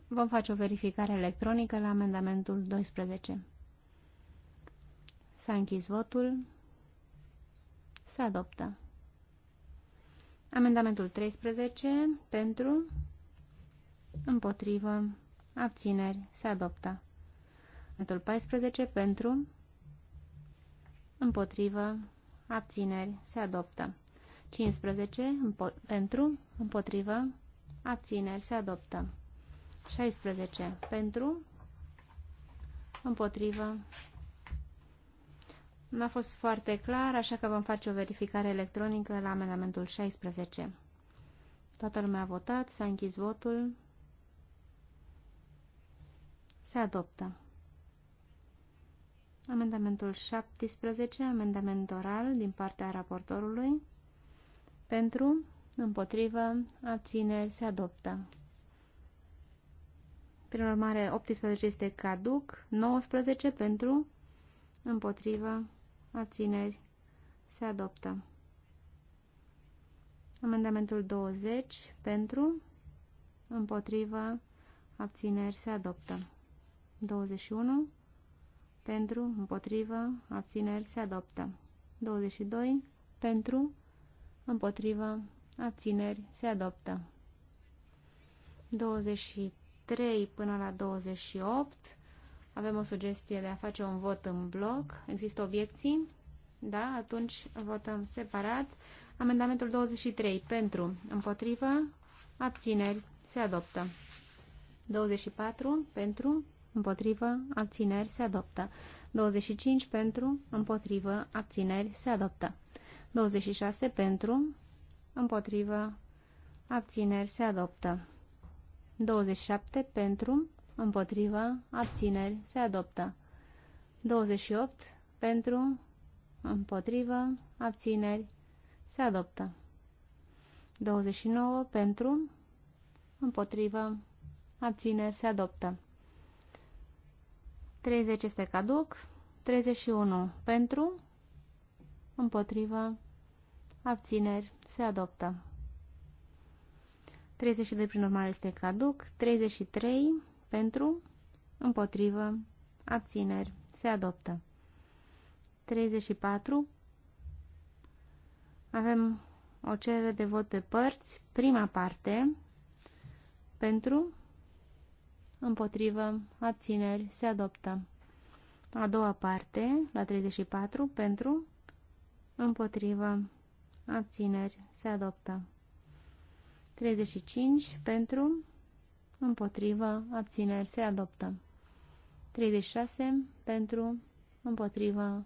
[SPEAKER 5] Vom face o verificare electronică la amendamentul 12. S-a închis votul. Se adoptă. Amendamentul 13 pentru, împotrivă, abțineri, se adoptă. Votul 14 pentru, împotrivă, abțineri, se adoptă. 15 împo pentru, împotrivă, abțineri, se adoptă. 16 pentru, împotrivă, nu a fost foarte clar, așa că vom face o verificare electronică la amendamentul 16. Toată lumea a votat, s-a închis votul. Se adoptă. Amendamentul 17, amendament oral din partea raportorului. Pentru, împotrivă, abțineri, se adoptă. Prin urmare, 18 este caduc, 19 pentru, împotrivă, abțineri, se adoptă. Amendamentul 20 pentru, împotrivă, abțineri, se adoptă. 21 pentru, împotrivă, abțineri se adoptă. 22 pentru, împotrivă, abțineri se adoptă. 23 până la 28 avem o sugestie de a face un vot în bloc. Există obiecții? Da? Atunci votăm separat. Amendamentul 23 pentru, împotrivă, abțineri se adoptă. 24 pentru, împotrivă, abțineri, se adoptă. 25 pentru, împotrivă, abțineri, se adoptă. 26 pentru, împotrivă, abțineri, se adoptă. 27 pentru, împotrivă, abțineri, se adoptă. 28 pentru, împotrivă, abțineri, se adoptă. 29 pentru, împotrivă, abțineri, se adoptă. 30 este caduc. 31 pentru, împotrivă, abțineri, se adoptă. 32 prin urmare este caduc. 33 pentru, împotrivă, abțineri, se adoptă. 34 avem o cerere de vot pe părți, prima parte, pentru, împotrivă, abțineri, se adoptă. A doua parte, la 34, pentru, împotrivă, abțineri, se adoptă. 35, pentru, împotrivă, abțineri, se adoptă. 36, pentru, împotrivă,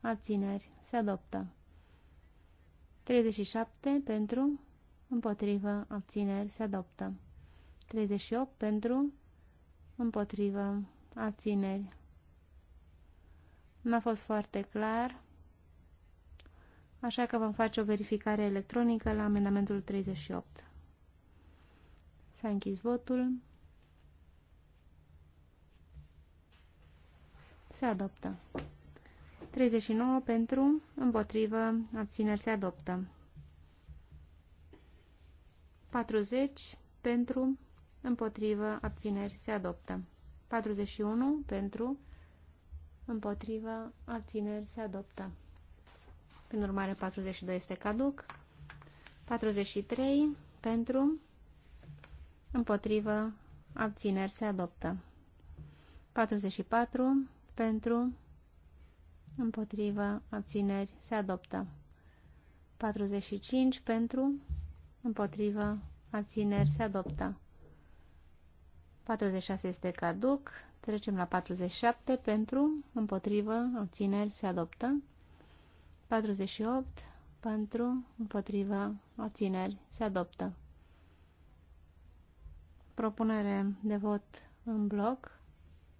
[SPEAKER 5] abțineri, se adoptă. 37, pentru, împotrivă, abțineri, se adoptă. 38, pentru, împotrivă, abțineri. Nu a fost foarte clar, așa că vom face o verificare electronică la amendamentul 38. S-a închis votul. Se adoptă. 39 pentru, împotrivă, abțineri se adoptă. 40 pentru, împotrivă, abțineri, se adoptă. 41 pentru, împotrivă, abțineri, se adoptă. Prin urmare, 42 este caduc. 43 pentru, împotrivă, abțineri, se adoptă. 44 pentru, împotrivă, abțineri, se adoptă. 45 pentru, împotrivă, abțineri, se adoptă. 46 este caduc. Trecem la 47 pentru, împotrivă, obțineri, se adoptă. 48 pentru, împotrivă, obțineri, se adoptă. Propunere de vot în bloc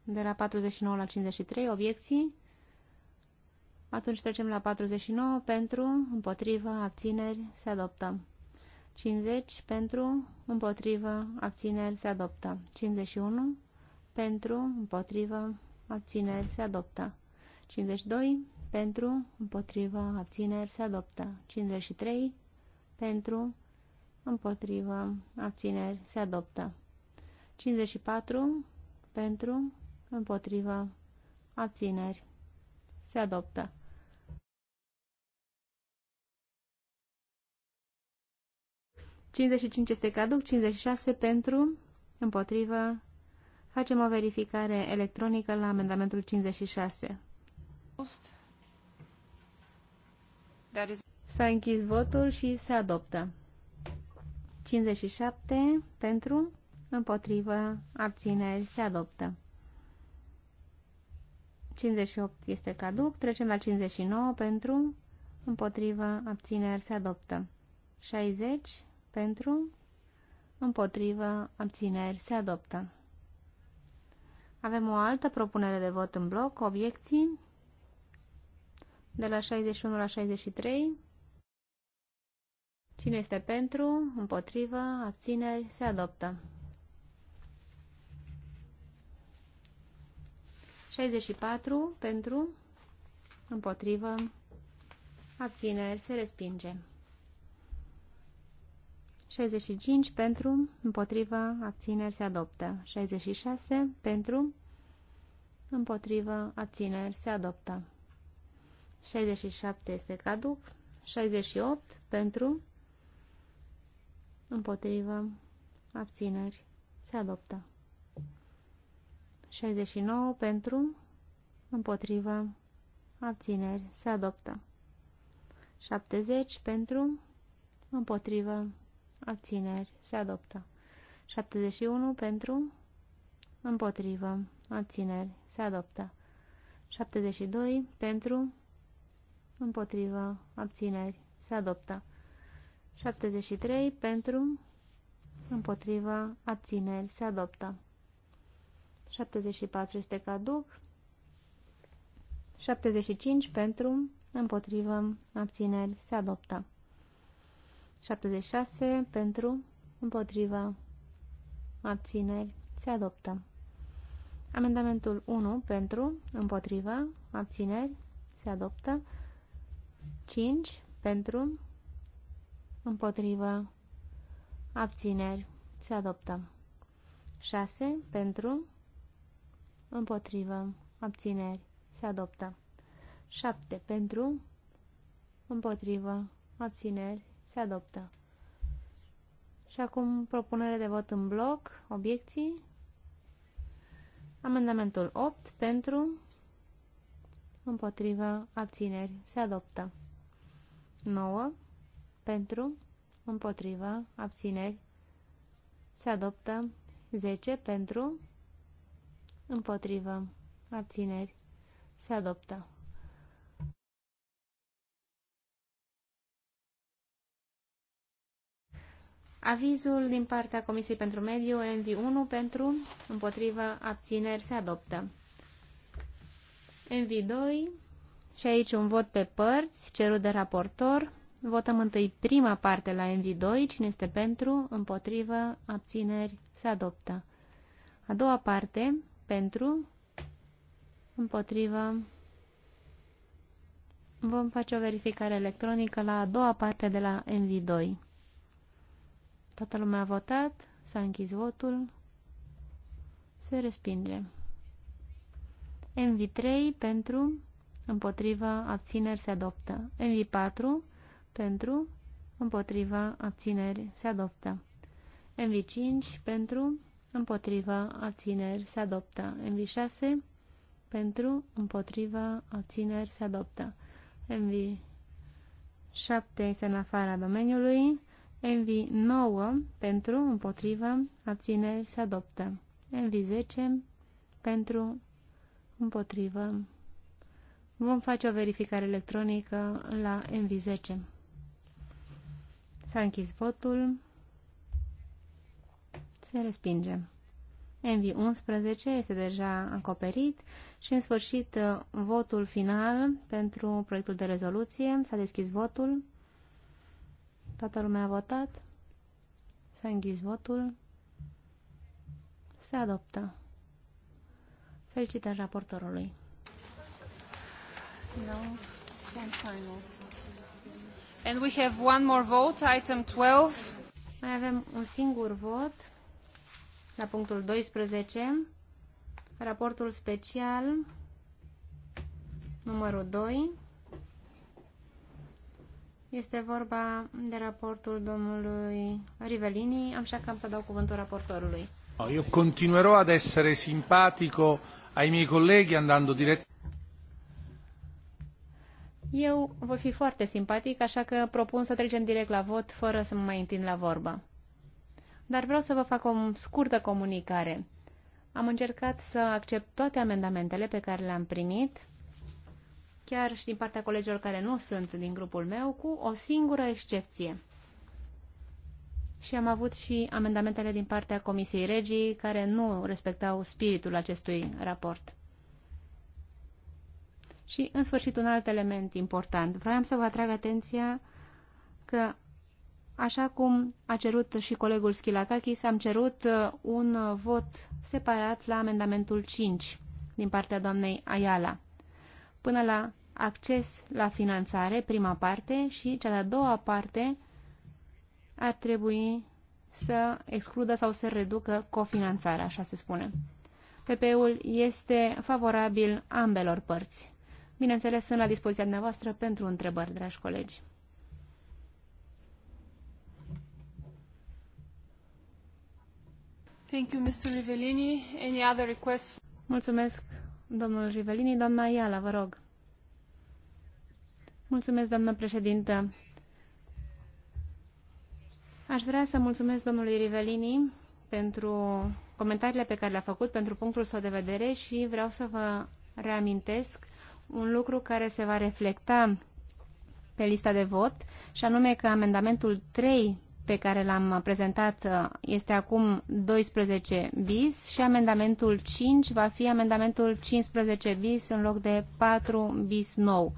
[SPEAKER 5] de la 49 la 53, obiecții. Atunci trecem la 49 pentru, împotrivă, abțineri, se adoptă. 50 pentru, împotrivă, abțineri se adoptă. 51 pentru, împotrivă, abțineri se adoptă. 52 pentru, împotrivă, abțineri se adoptă. 53 pentru, împotrivă, abțineri se adoptă. 54 pentru, împotrivă, abțineri se adoptă. 55 este caduc, 56 pentru, împotrivă. Facem o verificare electronică la amendamentul 56. S-a închis votul și se adoptă. 57 pentru, împotrivă, abțineri, se adoptă. 58 este caduc, trecem la 59 pentru, împotrivă, abțineri, se adoptă. 60 pentru, împotrivă, abțineri, se adoptă. Avem o altă propunere de vot în bloc, obiecții, de la 61 la 63. Cine este pentru, împotrivă, abțineri, se adoptă. 64 pentru, împotrivă, abțineri, se respinge. 65 pentru, împotriva, abțineri se adoptă. 66 pentru, împotriva, abțineri se adoptă. 67 este caduc. 68 pentru, împotriva, abțineri se adoptă. 69 pentru, împotriva, abțineri se adoptă. 70 pentru, împotriva, abțineri, se adoptă. 71 pentru, împotrivă, abțineri, se adoptă. 72 pentru, împotrivă, abțineri, se adoptă. 73 pentru, împotrivă, abțineri, se adoptă. 74 este caduc. 75 pentru, împotrivă, abțineri, se adoptă. 76 pentru, împotriva, abțineri, se adoptă. Amendamentul 1 pentru, împotriva, abțineri, se adoptă. 5 pentru, împotriva, abțineri, se adoptă. 6 pentru, împotriva, abțineri, se adoptă. 7 pentru, împotriva, abțineri, se adoptă. Și acum propunere de vot în bloc, obiecții. Amendamentul 8 pentru, împotrivă, abțineri. Se adoptă. 9 pentru, împotrivă, abțineri. Se adoptă. 10 pentru, împotrivă, abțineri. Se adoptă. Avizul din partea Comisiei pentru Mediu, MV1, pentru, împotrivă, abțineri, se adoptă. MV2, și aici un vot pe părți, cerut de raportor. Votăm întâi prima parte la MV2, cine este pentru, împotrivă, abțineri, se adoptă. A doua parte, pentru, împotrivă, vom face o verificare electronică la a doua parte de la MV2. Toată lumea a votat, s-a închis votul, se respinge. MV3 pentru, împotriva, abțineri se adoptă. MV4 pentru, împotriva, abțineri se adoptă. MV5 pentru, împotriva, abțineri se adoptă. MV6 pentru, împotriva, abțineri se adoptă. MV7 este în afara domeniului. Envi 9 pentru, împotrivă, abține, se adoptă. Envi 10 pentru, împotrivă. Vom face o verificare electronică la Envi 10. S-a închis votul. Se respinge. Envi 11 este deja acoperit și în sfârșit votul final pentru proiectul de rezoluție. S-a deschis votul. Toată lumea a votat. S-a închis votul. Se adoptă. Felicitări raportorului. No, And we have one more vote, item 12. Mai avem un singur vot la punctul 12, raportul special numărul 2. Este vorba de raportul domnului Rivelini, așa că am să dau cuvântul raportorului.
[SPEAKER 4] Eu continuerò ad essere simpatico ai miei colleghi andando direct.
[SPEAKER 5] Eu voi fi foarte simpatic, așa că propun să trecem direct la vot, fără să mă mai întind la vorbă. Dar vreau să vă fac o scurtă comunicare. Am încercat să accept toate amendamentele pe care le-am primit, chiar și din partea colegilor care nu sunt din grupul meu, cu o singură excepție. Și am avut și amendamentele din partea Comisiei Regii, care nu respectau spiritul acestui raport. Și, în sfârșit, un alt element important. Vreau să vă atrag atenția că, așa cum a cerut și colegul Schilacakis, am cerut uh, un vot separat la amendamentul 5 din partea doamnei Ayala. Până la acces la finanțare, prima parte, și cea de-a doua parte ar trebui să excludă sau să reducă cofinanțarea, așa se spune. PP-ul este favorabil ambelor părți. Bineînțeles, sunt la dispoziția dumneavoastră pentru întrebări, dragi colegi.
[SPEAKER 2] Thank you, Mr. Rivellini. Any other requests?
[SPEAKER 5] Mulțumesc, domnul Rivelini. Doamna Iala, vă rog. Mulțumesc, doamnă președintă. Aș vrea să mulțumesc domnului Rivelini pentru comentariile pe care le-a făcut, pentru punctul său de vedere și vreau să vă reamintesc un lucru care se va reflecta pe lista de vot și anume că amendamentul 3 pe care l-am prezentat uh, este acum 12 bis și amendamentul 5 va fi amendamentul 15 bis în loc de 4 bis nou.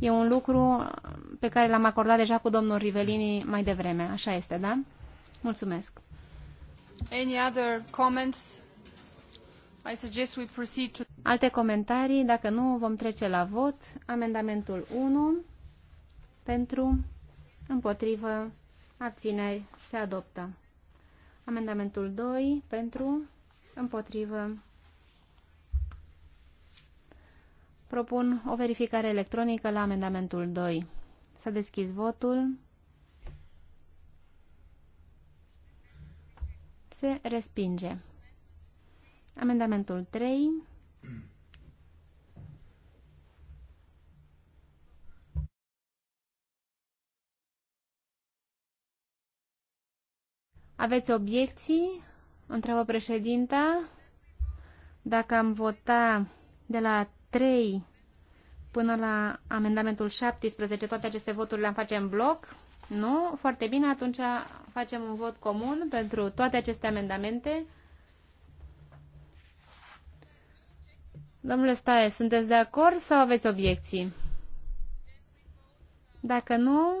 [SPEAKER 5] E un lucru pe care l-am acordat deja cu domnul Rivelini mai devreme. Așa este, da? Mulțumesc.
[SPEAKER 2] Any other comments? I suggest we proceed to...
[SPEAKER 5] Alte comentarii? Dacă nu, vom trece la vot. Amendamentul 1 pentru, împotrivă, abțineri, se adoptă. Amendamentul 2 pentru, împotrivă, Propun o verificare electronică la amendamentul 2. S-a deschis votul. Se respinge. Amendamentul 3. Aveți obiecții? Întreabă președinta. Dacă am vota de la 3 până la amendamentul 17, toate aceste voturi le-am face în bloc? Nu? Foarte bine, atunci facem un vot comun pentru toate aceste amendamente. Domnule Staie, sunteți de acord sau aveți obiecții? Dacă nu,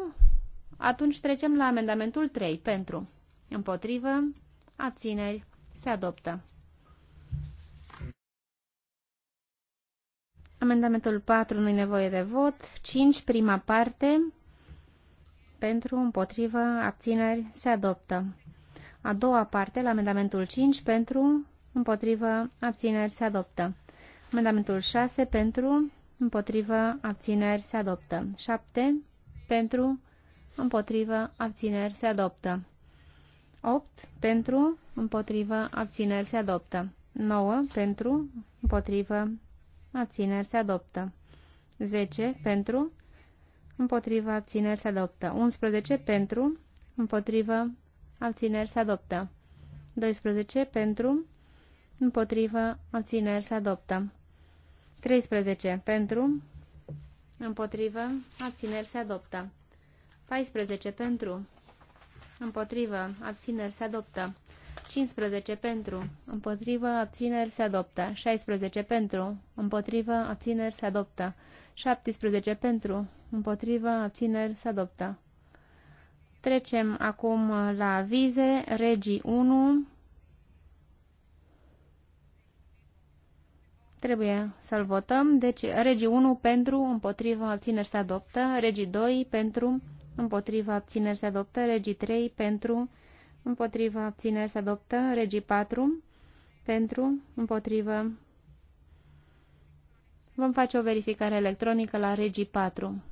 [SPEAKER 5] atunci trecem la amendamentul 3. Pentru. Împotrivă. Abțineri. Se adoptă. Amendamentul 4 nu-i nevoie de vot. 5, prima parte. Pentru, împotrivă, abțineri, se adoptă. A doua parte, la amendamentul 5, pentru, împotrivă, abțineri, se adoptă. Amendamentul 6, pentru, împotrivă, abțineri, se adoptă. 7, pentru, împotrivă, abțineri, se adoptă. 8, pentru, împotrivă, abțineri, se adoptă. 9, pentru, împotrivă, abțineri se adoptă. 10 pentru, împotrivă, abțineri se adoptă. 11 pentru, împotrivă, abțineri se adoptă. 12 pentru, împotrivă, abțineri se adoptă. 13 pentru, împotrivă, abțineri se adoptă. 14 pentru, împotrivă, abțineri se adoptă. 15 pentru, împotrivă, abțineri, se adoptă. 16 pentru, împotrivă, abțineri, se adoptă. 17 pentru, împotrivă, abțineri, se adoptă. Trecem acum uh, la avize, regii 1. Trebuie să-l votăm. Deci, regii 1 pentru, împotrivă, abțineri, se adoptă. Regii 2 pentru, împotrivă, abțineri, se adoptă. Regii 3 pentru, împotrivă, abțineri se adoptă, regii 4, pentru, împotrivă. Vom face o verificare electronică la regii 4.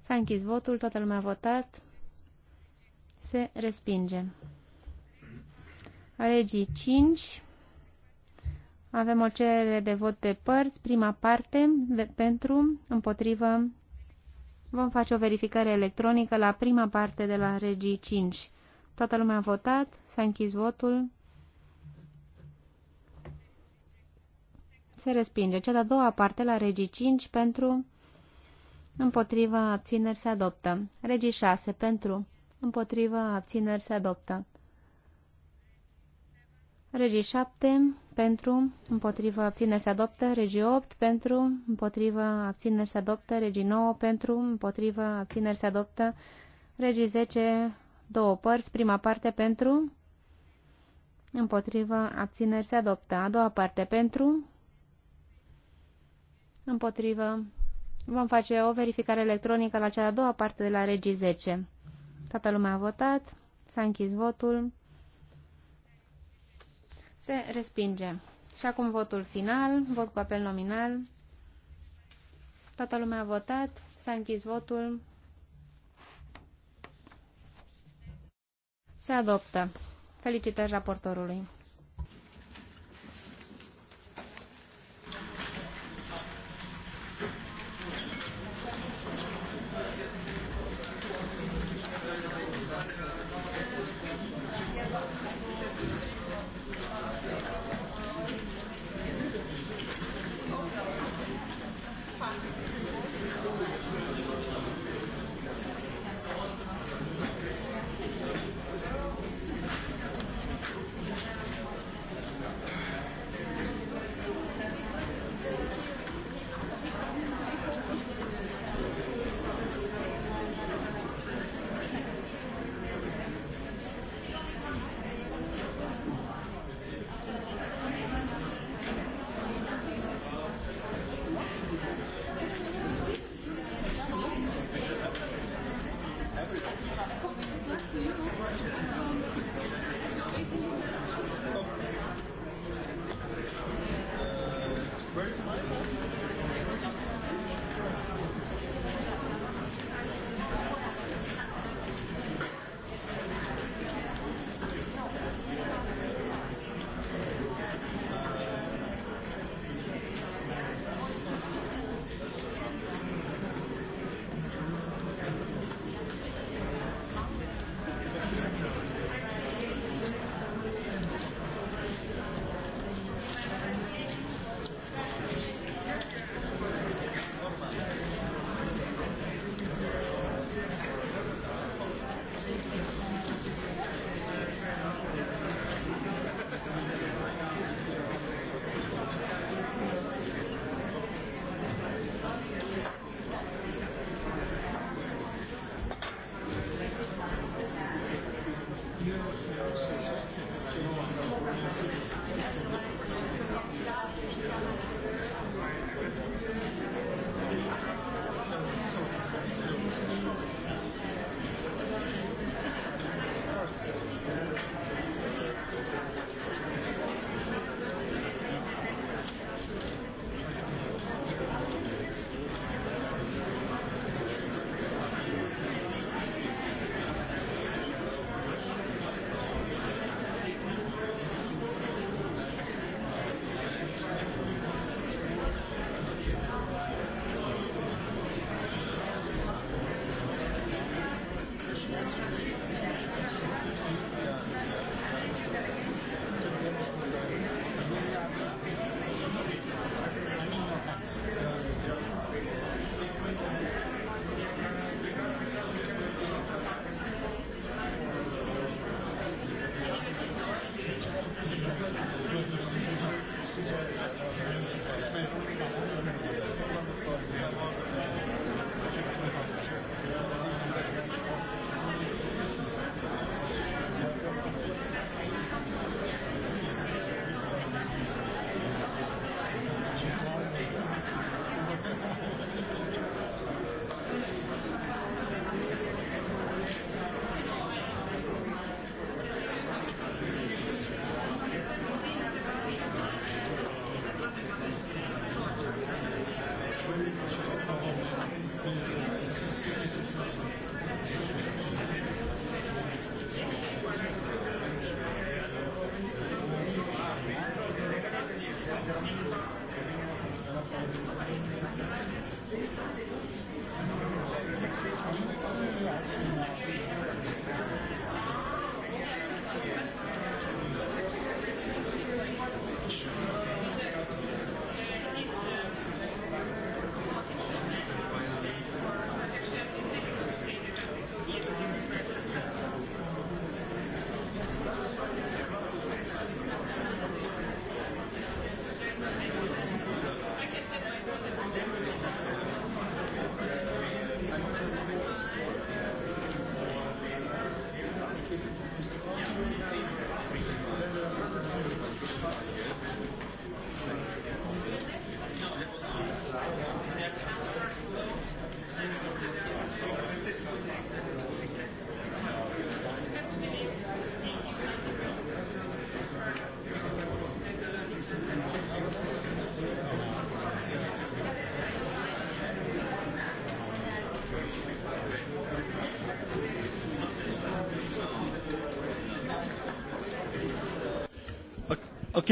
[SPEAKER 5] S-a închis votul, toată lumea a votat, se respinge. Regii 5, avem o cerere de vot pe părți, prima parte, pentru, împotrivă, Vom face o verificare electronică la prima parte de la regii 5. Toată lumea a votat, s-a închis votul. Se respinge. Cea de-a doua parte la regii 5 pentru împotriva abțineri se adoptă. Regii 6 pentru împotriva abțineri se adoptă. Regii 7 pentru, împotrivă, abține, se adoptă, regii 8 pentru, împotrivă, abține, se adoptă, regii 9 pentru, împotrivă, abține, se adoptă, regii 10, două părți, prima parte pentru, împotrivă, abține, se adoptă, a doua parte pentru, împotrivă, vom face o verificare electronică la cea de-a doua parte de la regii 10. Toată lumea a votat, s-a închis votul. Se respinge. Și acum votul final, vot cu apel nominal. Toată lumea a votat, s-a închis votul. Se adoptă. Felicitări raportorului.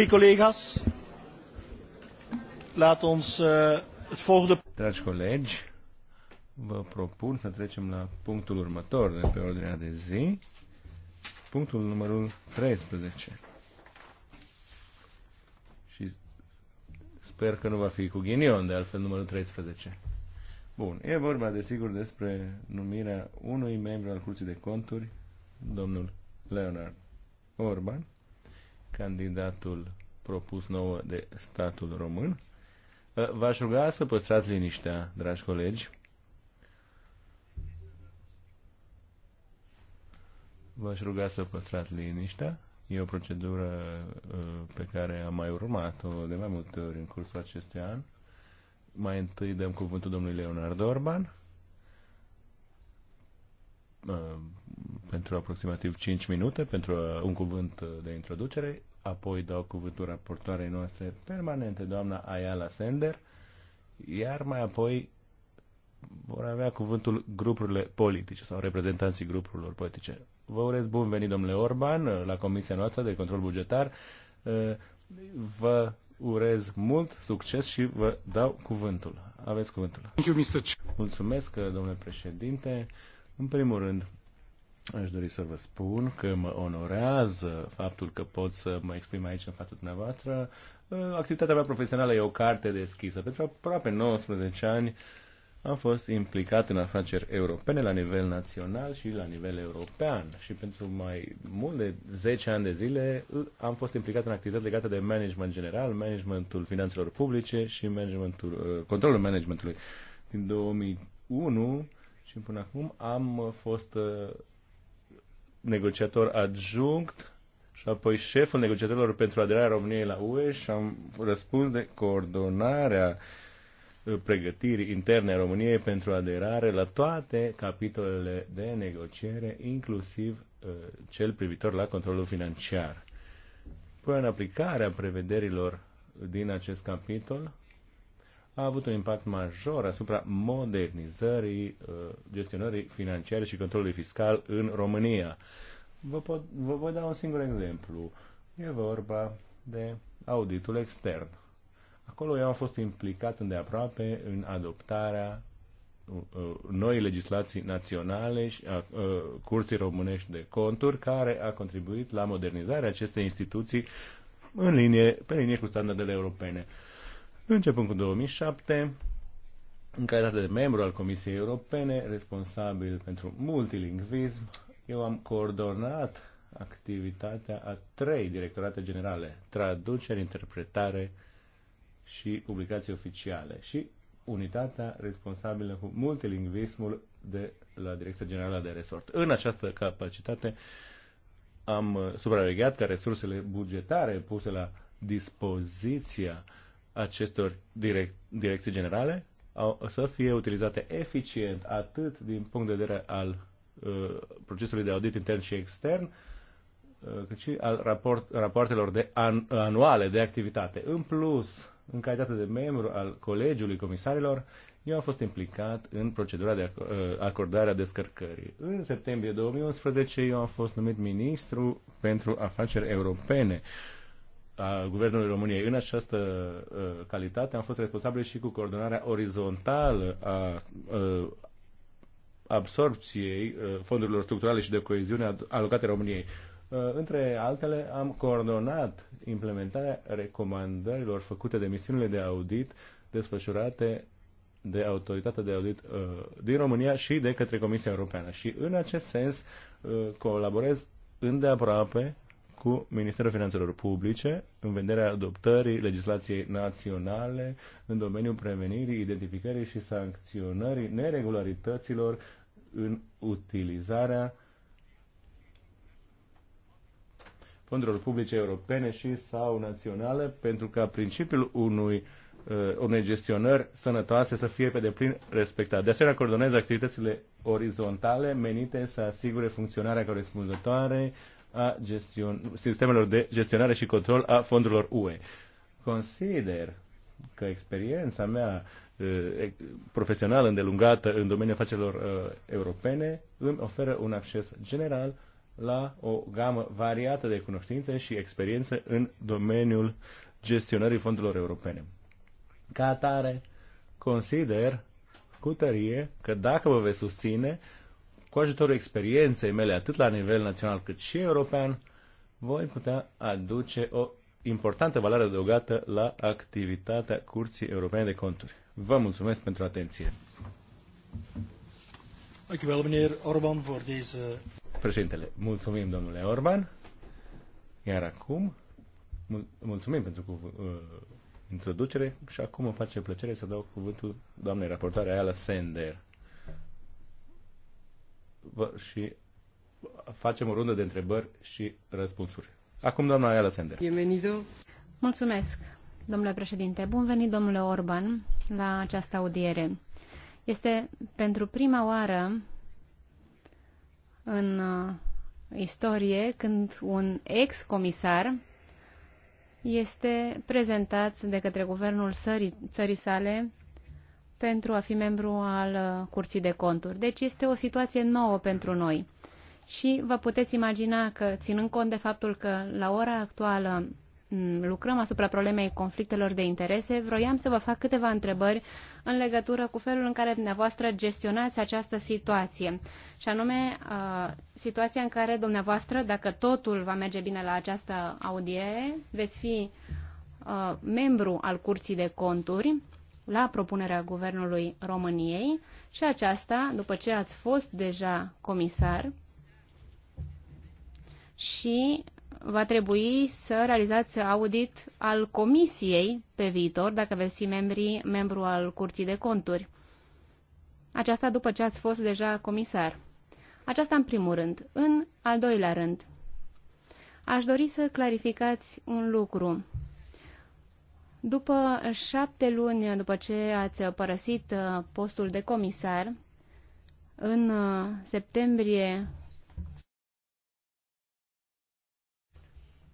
[SPEAKER 3] collega's. Laat ons uh, het volgende... Dragi colegi, vă propun să trecem la punctul următor de pe ordinea de zi. Punctul numărul 13. Și sper că nu va fi cu ghinion, de altfel numărul 13. Bun, e vorba desigur despre numirea unui membru al Curții de Conturi, domnul Leonard Orban candidatul propus nouă de statul român. V-aș ruga să păstrați liniștea, dragi colegi. V-aș ruga să păstrați liniștea. E o procedură uh, pe care am mai urmat-o de mai multe ori în cursul acestui an. Mai întâi dăm cuvântul domnului Leonard Orban uh, pentru aproximativ 5 minute pentru uh, un cuvânt de introducere apoi dau cuvântul raportoarei noastre permanente, doamna Ayala Sender, iar mai apoi vor avea cuvântul grupurile politice sau reprezentanții grupurilor politice. Vă urez bun venit, domnule Orban, la Comisia noastră de control bugetar. Vă urez mult succes și vă dau cuvântul. Aveți cuvântul. Mulțumesc, domnule președinte. În primul rând, Aș dori să vă spun că mă onorează faptul că pot să mă exprim aici în fața dumneavoastră. Uh, activitatea mea profesională e o carte deschisă. Pentru aproape 19 ani am fost implicat în afaceri europene la nivel național și la nivel european și pentru mai mult de 10 ani de zile uh, am fost implicat în activități legate de management general, managementul finanțelor publice și managementul, uh, controlul managementului. Din 2001 și până acum am fost negociator adjunct și apoi șeful negociatorilor pentru aderarea României la UE și am răspuns de coordonarea uh, pregătirii interne a României pentru aderare la toate capitolele de negociere, inclusiv uh, cel privitor la controlul financiar. Până în aplicarea prevederilor din acest capitol, a avut un impact major asupra modernizării uh, gestionării financiare și controlului fiscal în România. Vă, pot, vă voi da un singur exemplu. E vorba de auditul extern. Acolo eu am fost implicat îndeaproape în adoptarea uh, uh, noi legislații naționale și a Curții Românești de Conturi, care a contribuit la modernizarea acestei instituții în linie, pe linie cu standardele europene. Începând cu 2007, în calitate de membru al Comisiei Europene, responsabil pentru multilingvism, eu am coordonat activitatea a trei directorate generale, traducere, interpretare și publicații oficiale și unitatea responsabilă cu multilingvismul de la Direcția Generală de Resort. În această capacitate am supravegheat ca resursele bugetare puse la dispoziția uh, acestor direc- direcții generale au, să fie utilizate eficient atât din punct de vedere al uh, procesului de audit intern și extern, uh, cât și al raport, rapoartelor de an, anuale de activitate. În plus, în calitate de membru al Colegiului Comisarilor, eu am fost implicat în procedura de uh, acordare a descărcării. În septembrie 2011 eu am fost numit ministru pentru afaceri europene. Uh, a Guvernului României. În această uh, calitate am fost responsabil și cu coordonarea orizontală a uh, absorpției uh, fondurilor structurale și de coeziune alocate României. Uh, între altele, am coordonat implementarea recomandărilor făcute de misiunile de audit desfășurate de autoritatea de audit uh, din România și de către Comisia Europeană. Și în acest sens uh, colaborez îndeaproape cu Ministerul Finanțelor Publice în vederea adoptării legislației naționale în domeniul prevenirii, identificării și sancționării neregularităților în utilizarea fondurilor publice europene și sau naționale pentru ca principiul unui uh, unei gestionări sănătoase să fie pe deplin respectat. De asemenea, coordonează activitățile orizontale menite să asigure funcționarea corespunzătoare a gestion, sistemelor de gestionare și control a fondurilor UE. Consider că experiența mea profesională îndelungată în domeniul afacerilor europene îmi oferă un acces general la o gamă variată de cunoștințe și experiențe în domeniul gestionării fondurilor europene. Ca atare, consider cu tărie că dacă vă veți susține, cu ajutorul experienței mele, atât la nivel național cât și european, voi putea aduce o importantă valoare adăugată la activitatea Curții Europene de Conturi. Vă mulțumesc pentru atenție. Orban, Președintele, mulțumim, domnule Orban. Iar acum, mul- mulțumim pentru cu, uh, introducere și acum îmi face plăcere să dau cuvântul doamnei raportoare Ayala Sender și facem o rundă de întrebări și răspunsuri. Acum, doamna Ayala Sender.
[SPEAKER 2] Bienvenido.
[SPEAKER 5] Mulțumesc, domnule președinte. Bun venit, domnule Orban, la această audiere. Este pentru prima oară în uh, istorie când un ex-comisar este prezentat de către guvernul țării, țării sale pentru a fi membru al uh, Curții de Conturi. Deci este o situație nouă pentru noi. Și vă puteți imagina că, ținând cont de faptul că la ora actuală lucrăm asupra problemei conflictelor de interese, vroiam să vă fac câteva întrebări în legătură cu felul în care dumneavoastră gestionați această situație. Și anume, uh, situația în care dumneavoastră, dacă totul va merge bine la această audiere, veți fi uh, membru al Curții de Conturi la propunerea Guvernului României și aceasta după ce ați fost deja comisar și va trebui să realizați audit al Comisiei pe viitor, dacă veți fi membri, membru al Curții de Conturi. Aceasta după ce ați fost deja comisar. Aceasta în primul rând. În al doilea rând, aș dori să clarificați un lucru. După șapte luni după ce ați părăsit uh, postul de comisar, în uh, septembrie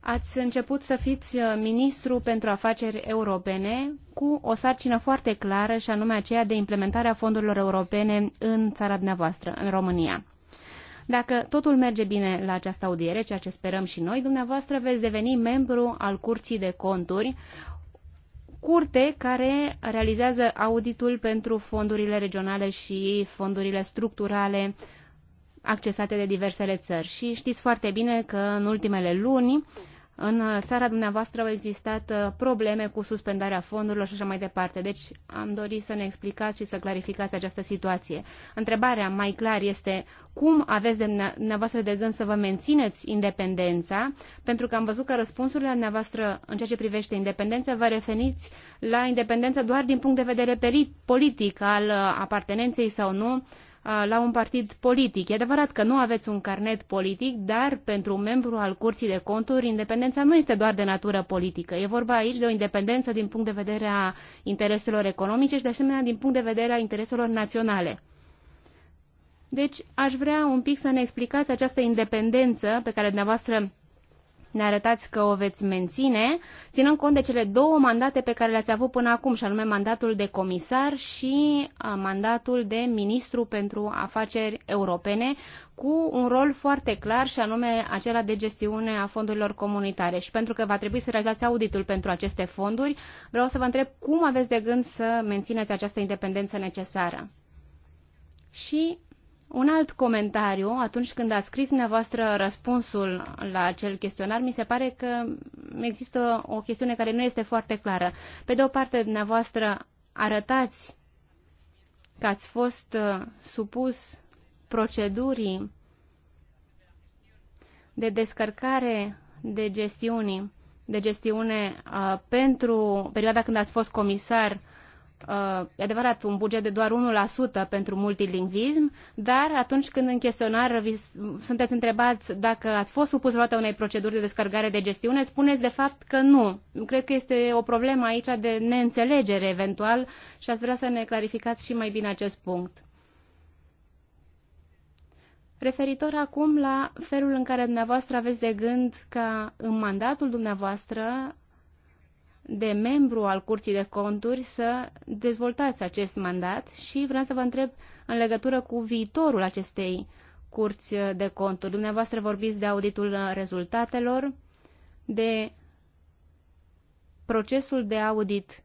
[SPEAKER 5] ați început să fiți uh, ministru pentru afaceri europene cu o sarcină foarte clară și anume aceea de implementare a fondurilor europene în țara dumneavoastră, în România. Dacă totul merge bine la această audiere, ceea ce sperăm și noi, dumneavoastră veți deveni membru al Curții de Conturi, curte care realizează auditul pentru fondurile regionale și fondurile structurale accesate de diversele țări. Și știți foarte bine că în ultimele luni uh, în țara dumneavoastră au existat uh, probleme cu suspendarea fondurilor și așa mai departe. Deci am dorit să ne explicați și să clarificați această situație. Întrebarea mai clar este cum aveți de dumneavoastră de gând să vă mențineți independența, pentru că am văzut că răspunsurile dumneavoastră în ceea ce privește independența vă referiți la independență doar din punct de vedere politic al uh, apartenenței sau nu la un partid politic. E adevărat că nu aveți un carnet politic, dar pentru un membru al Curții de Conturi, independența nu este doar de natură politică. E vorba aici de o independență din punct de vedere a intereselor economice și, de asemenea, din punct de vedere a intereselor naționale. Deci, aș vrea un pic să ne explicați această independență pe care dumneavoastră ne arătați că o veți menține, ținând cont de cele două mandate pe care le-ați avut până acum, și anume mandatul de comisar și mandatul de ministru pentru afaceri europene, cu un rol foarte clar și anume acela de gestiune a fondurilor comunitare. Și pentru că va trebui să realizați auditul pentru aceste fonduri, vreau să vă întreb cum aveți de gând să mențineți această independență necesară. Și un alt comentariu, atunci când ați scris dumneavoastră răspunsul la acel chestionar, mi se pare că există o chestiune care nu este foarte clară. Pe de o parte, dumneavoastră arătați că ați fost uh, supus procedurii de descărcare de gestiuni, de gestiune uh, pentru perioada când ați fost comisar uh, e adevărat, un buget de doar 1% pentru multilingvism, dar atunci când în chestionar sunteți întrebați dacă ați fost supus vreodată unei proceduri de descărcare de gestiune, spuneți de fapt că nu. Cred că este o problemă aici de neînțelegere eventual și ați vrea să ne clarificați și mai bine acest punct. Referitor acum la felul în care dumneavoastră aveți de gând ca în mandatul dumneavoastră de membru al Curții de Conturi să dezvoltați acest mandat și vreau să vă întreb în legătură cu viitorul acestei Curți de Conturi. Dumneavoastră vorbiți de auditul rezultatelor, de procesul de audit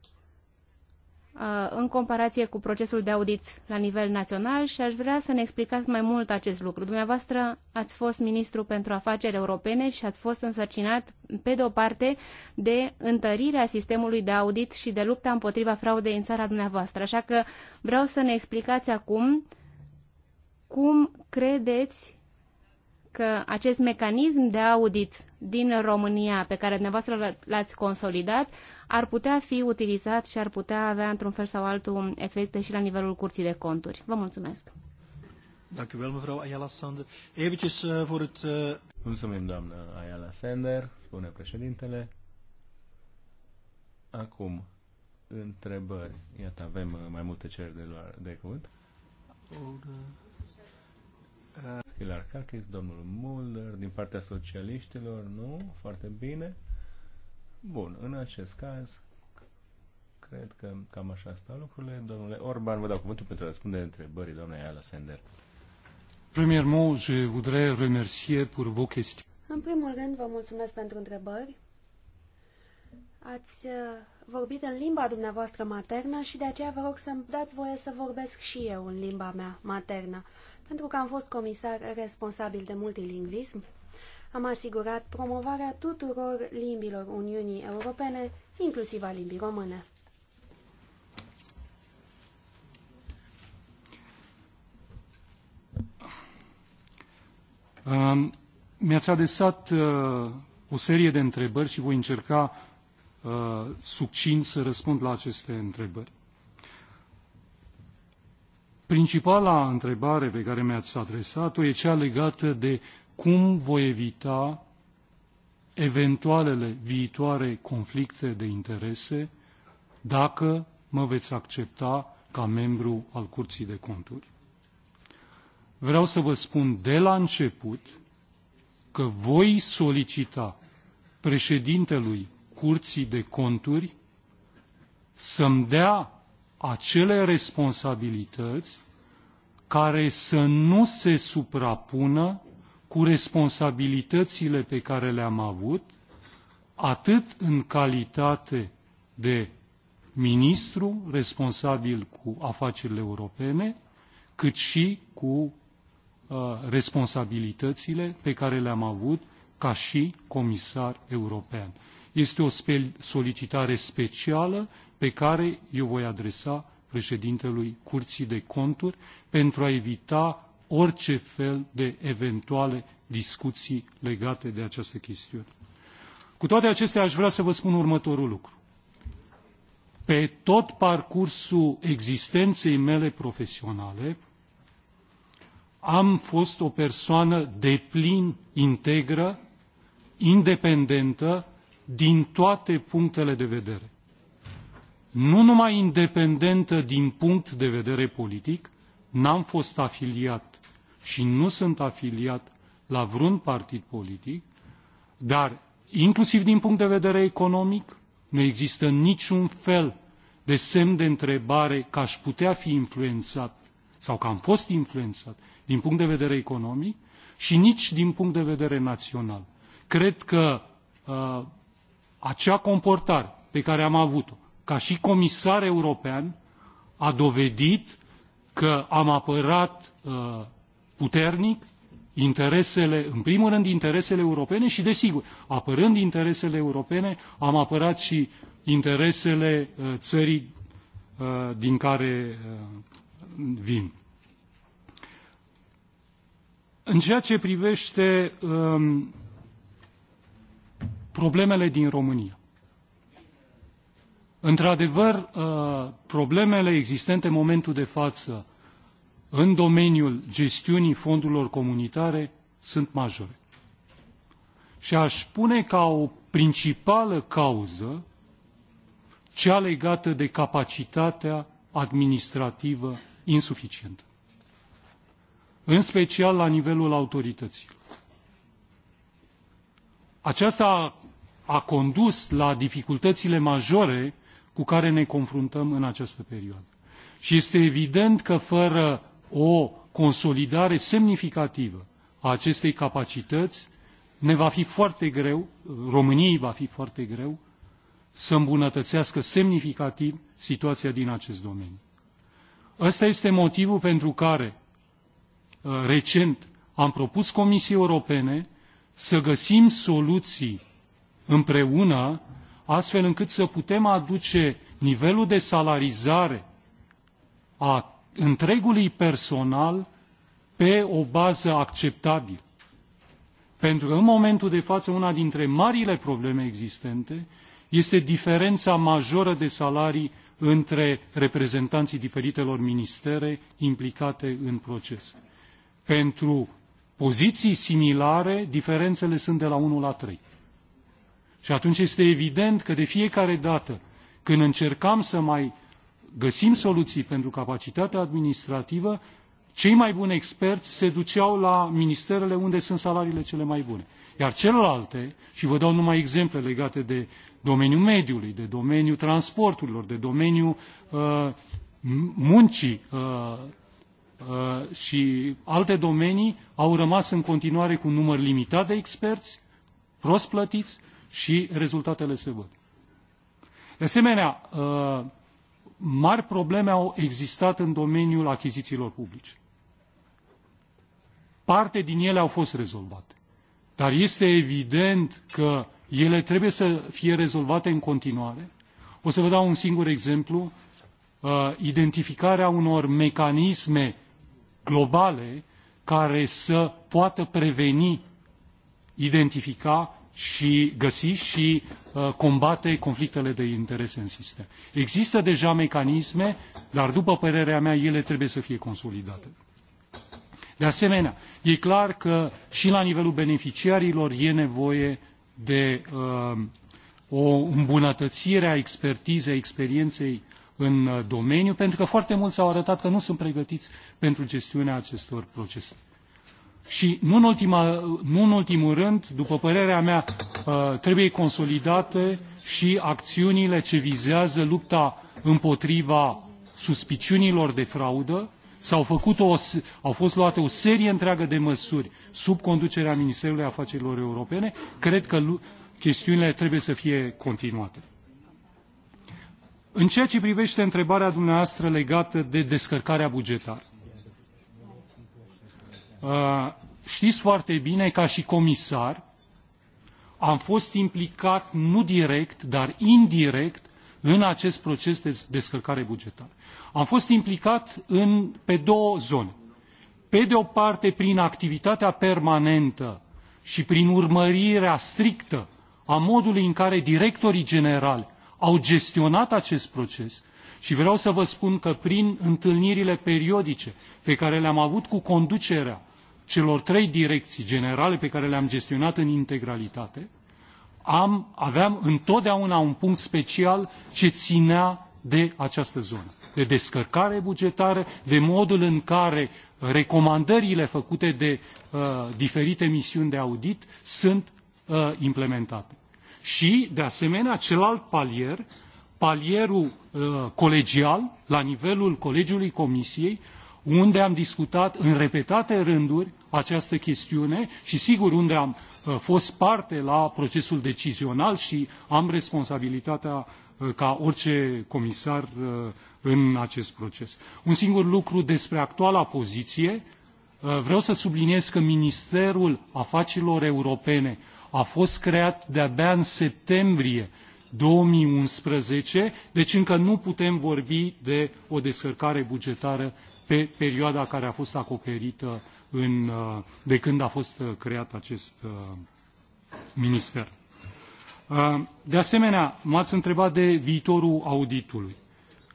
[SPEAKER 5] Uh, în comparație cu procesul de audit la nivel național și aș vrea să ne explicați mai mult acest lucru. Dumneavoastră ați fost ministru pentru afaceri europene și ați fost însărcinat, pe de o parte, de întărirea sistemului de audit și de lupta împotriva fraudei în țara dumneavoastră. Așa că vreau să ne explicați acum cum credeți că acest mecanism de audit din România pe care dumneavoastră l-ați consolidat ar putea fi utilizat și ar putea avea într-un fel sau altul efecte și la nivelul curții de conturi. Vă mulțumesc!
[SPEAKER 4] Dank u wel, mevrouw Ayala Sander. Eventjes uh, voor het...
[SPEAKER 3] Uh... Mulțumim, doamnă Ayala Sander, spune președintele. Acum, întrebări. Iată, avem eh, mai multe cereri de, luar, de cuvânt. Hilar Kakis, domnul Mulder, din partea socialiștilor, nu? Foarte bine. Bun, în acest caz, cred că cam așa stau lucrurile. Domnule Orban, vă dau cuvântul pentru a răspunde întrebării domnule Ala Sender.
[SPEAKER 4] Premièrement, je voudrais remercier pour vos questions.
[SPEAKER 1] În primul rând, vă mulțumesc pentru întrebări. Ați uh, vorbit în limba dumneavoastră maternă și de aceea vă rog să-mi dați voie să vorbesc și eu în limba mea maternă, pentru că am fost comisar responsabil de multilingvism am asigurat promovarea tuturor limbilor Uniunii Europene, inclusiv a limbii române.
[SPEAKER 4] Um, Mi-ați adresat uh, o serie de întrebări și voi încerca uh, succint să răspund la aceste întrebări. Principala întrebare pe care mi-ați adresat-o e cea legată de cum voi evita eventualele viitoare conflicte de interese dacă mă veți accepta ca membru al Curții de Conturi. Vreau să vă spun de la început că voi solicita președintelui Curții de Conturi să-mi dea acele responsabilități care să nu se suprapună cu responsabilitățile pe care le-am avut, atât în calitate de ministru responsabil cu afacerile europene, cât și cu uh, responsabilitățile pe care le-am avut ca și comisar european. Este o solicitare specială pe care eu voi adresa președintelui Curții de Conturi pentru a evita orice fel de eventuale discuții legate de această chestiune. Cu toate acestea, aș vrea să vă spun următorul lucru. Pe tot parcursul existenței mele profesionale, am fost o persoană deplin integră, independentă, din toate punctele de vedere. Nu numai independentă din punct de vedere politic, n-am fost afiliat și nu sunt afiliat la vreun partid politic, dar inclusiv din punct de vedere economic nu există niciun fel de semn de întrebare că aș putea fi influențat sau că am fost influențat din punct de vedere economic și nici din punct de vedere național. Cred că uh, acea comportare pe care am avut-o ca și comisar european a dovedit că am apărat uh, puternic interesele, în primul rând interesele europene și, desigur, apărând interesele europene, am apărat și interesele uh, țării uh, din care uh, vin. În ceea ce privește um, problemele din România, într-adevăr, uh, problemele existente în momentul de față în domeniul gestiunii fondurilor comunitare sunt majore. Și aș spune ca o principală cauză cea legată de capacitatea administrativă insuficientă, în special la nivelul autorităților. Aceasta a condus la dificultățile majore cu care ne confruntăm în această perioadă. Și este evident că fără o consolidare semnificativă a acestei capacități, ne va fi foarte greu, României va fi foarte greu, să îmbunătățească semnificativ situația din acest domeniu. Ăsta este motivul pentru care uh, recent am propus Comisiei Europene să găsim soluții împreună astfel încât să putem aduce nivelul de salarizare a întregului personal pe o bază acceptabilă. Pentru că în momentul de față una dintre marile probleme existente este diferența majoră de salarii între reprezentanții diferitelor ministere implicate în proces. Pentru poziții similare, diferențele sunt de la 1 la 3. Și atunci este evident că de fiecare dată când încercam să mai găsim soluții pentru capacitatea administrativă, cei mai buni experți se duceau la ministerele unde sunt salariile cele mai bune. Iar celelalte, și vă dau numai exemple legate de domeniul mediului, de domeniul transporturilor, de domeniul uh, muncii uh, uh, și alte domenii, au rămas în continuare cu un număr limitat de experți, prost plătiți și rezultatele se văd. De asemenea, uh, mari probleme au existat în domeniul achizițiilor publice. Parte din ele au fost rezolvate. Dar este evident că ele trebuie să fie rezolvate în continuare. O să vă dau un singur exemplu. Uh, identificarea unor mecanisme globale care să poată preveni, identifica și găsi și uh, combate conflictele de interese în sistem. Există deja mecanisme, dar după părerea mea ele trebuie să fie consolidate. De asemenea, e clar că și la nivelul beneficiarilor e nevoie de uh, o îmbunătățire a expertizei, experienței în uh, domeniu, pentru că foarte mulți au arătat că nu sunt pregătiți pentru gestiunea acestor procese. Și nu în, ultima, nu în ultimul rând, după părerea mea, uh, trebuie consolidate și acțiunile ce vizează lupta împotriva suspiciunilor de fraudă. S-au făcut o, au fost luate o serie întreagă de măsuri sub conducerea Ministerului Afacerilor Europene. Cred că chestiunile trebuie să fie continuate. În ceea ce privește întrebarea dumneavoastră legată de descărcarea bugetară, Uh, știți foarte bine, ca și comisar, am fost implicat nu direct, dar indirect în acest proces de descărcare bugetară. Am fost implicat în, pe două zone. Pe de o parte, prin activitatea permanentă și prin urmărirea strictă a modului în care directorii generali au gestionat acest proces și vreau să vă spun că prin întâlnirile periodice pe care le-am avut cu conducerea celor trei direcții generale pe care le-am gestionat în integralitate, am, aveam întotdeauna un punct special ce ținea de această zonă, de descărcare bugetară, de modul în care recomandările făcute de uh, diferite misiuni de audit sunt uh, implementate. Și, de asemenea, celălalt palier palierul uh, colegial, la nivelul Colegiului Comisiei, unde am discutat în repetate rânduri această chestiune și sigur unde am uh, fost parte la procesul decizional și am responsabilitatea uh, ca orice comisar în acest proces. Un singur lucru despre actuala poziție. Vreau să subliniez că Ministerul Afacerilor Europene a fost creat de-abia în septembrie 2011, deci încă nu putem vorbi de o descărcare bugetară pe perioada care a fost acoperită în, de când a fost uh, creat acest uh, minister. Uh, de asemenea, m-ați întrebat de viitorul auditului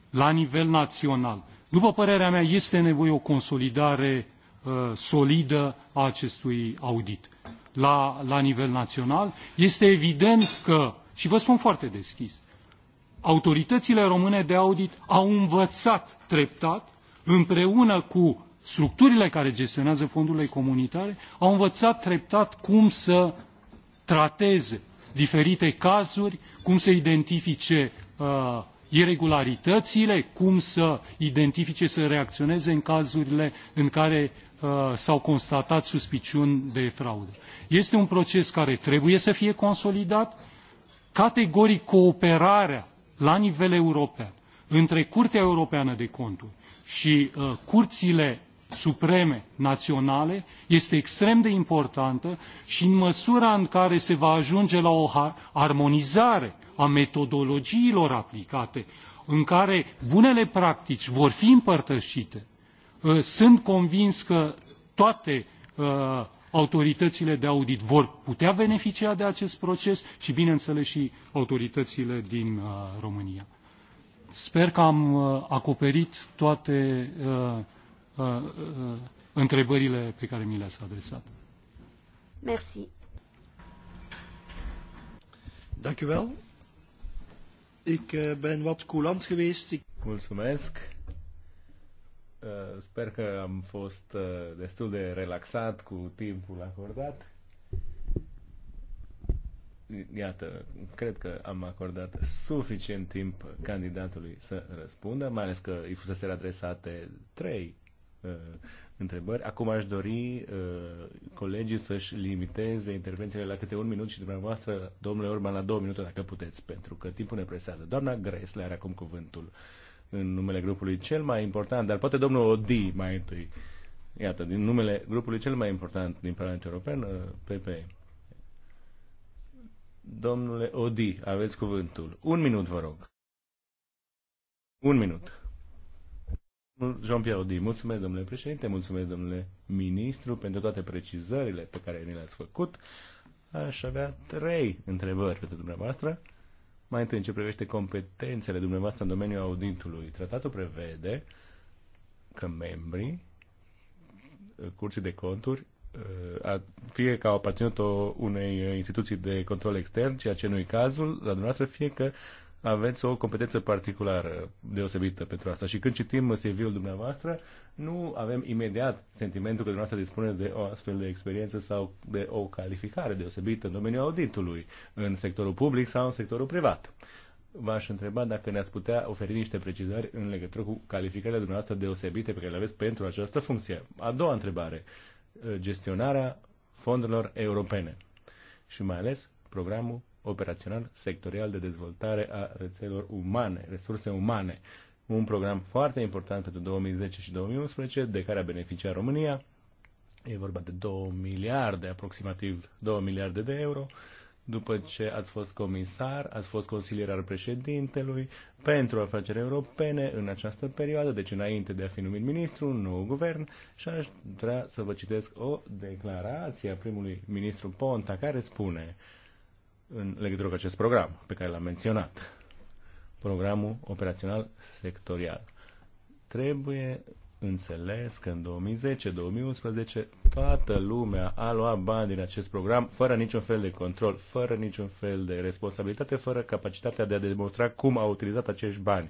[SPEAKER 4] la nivel național. După părerea mea, este nevoie o consolidare solidă a acestui audit la, la nivel național. Este evident că și vă spun foarte deschis, autoritățile române de audit au învățat treptat, împreună cu structurile care gestionează fondurile comunitare, au învățat treptat cum să trateze diferite cazuri, cum să identifice uh, iregularitățile, cum să identifice, să reacționeze în cazurile în care uh, s-au constatat suspiciuni de fraudă. Este un proces care trebuie să fie consolidat, Categoric cooperarea la nivel european între Curtea Europeană de Conturi și uh, curțile supreme naționale este extrem de importantă și în măsura în care se va ajunge la o armonizare a metodologiilor aplicate, în care bunele practici vor fi împărtășite, uh, sunt convins că toate uh, autoritățile de audit vor putea beneficia de acest proces și, bineînțeles, și autoritățile din uh, România. Sper că am uh, acoperit toate uh, uh, uh întrebările pe care mi le-ați adresat. Merci. Dank u wel. Ik
[SPEAKER 3] eh, ben wat coulant geweest. Ik... Mulțumesc. Eh, sper că am fost eh, destul de relaxat cu timpul acordat. Iată, cred că am acordat suficient timp candidatului să răspundă, mai ales că îi fusese adresate trei uh, întrebări. Acum aș dori uh, colegii să-și limiteze intervențiile la câte un minut și dumneavoastră, domnule Orban, la două minute, dacă puteți, pentru că timpul ne presează. Doamna Gresle are acum cuvântul. Uh, în numele grupului cel mai important, dar poate domnul Odi mai întâi. Iată, din numele grupului cel mai important din Parlamentul European, PP uh, Domnule Odi, aveți cuvântul. Un minut, vă rog. Un minut. Jean-Pierre Odi, mulțumesc, domnule președinte, mulțumesc, domnule ministru, pentru toate precizările pe care ni le-ați făcut. Aș avea trei întrebări pentru dumneavoastră. Mai întâi, în ce privește competențele dumneavoastră în domeniul auditului, tratatul prevede că membrii curții de conturi uh, fie că au aparținut unei instituții de control extern, ceea ce nu e cazul la dumneavoastră, fie că aveți o competență particulară deosebită pentru asta. Și când citim CV-ul dumneavoastră, nu avem imediat sentimentul că dumneavoastră dispune de o astfel de experiență sau de o calificare deosebită în domeniul auditului, în sectorul public sau în sectorul privat. V-aș întreba dacă ne-ați putea oferi niște precizări în legătură cu calificările dumneavoastră deosebite pe care le aveți pentru această funcție. A doua întrebare, gestionarea fondurilor europene și mai ales programul operațional sectorial de dezvoltare a rețelor umane, resurse umane. Un program foarte important pentru 2010 și 2011, de care a beneficiat România. E vorba de 2 miliarde, aproximativ 2 miliarde de euro. După ce ați fost comisar, ați fost consilier al președintelui pentru afaceri europene în această perioadă, deci înainte de a fi numit ministru, un nou guvern, și aș vrea să vă citesc o declarație a primului ministru Ponta care spune în legătură cu acest program pe care l-am menționat, programul operațional sectorial. Trebuie înțeles că în 2010-2011 toată lumea a luat bani din acest program fără niciun fel de control, fără niciun fel de responsabilitate, fără capacitatea de a demonstra cum a utilizat acești bani.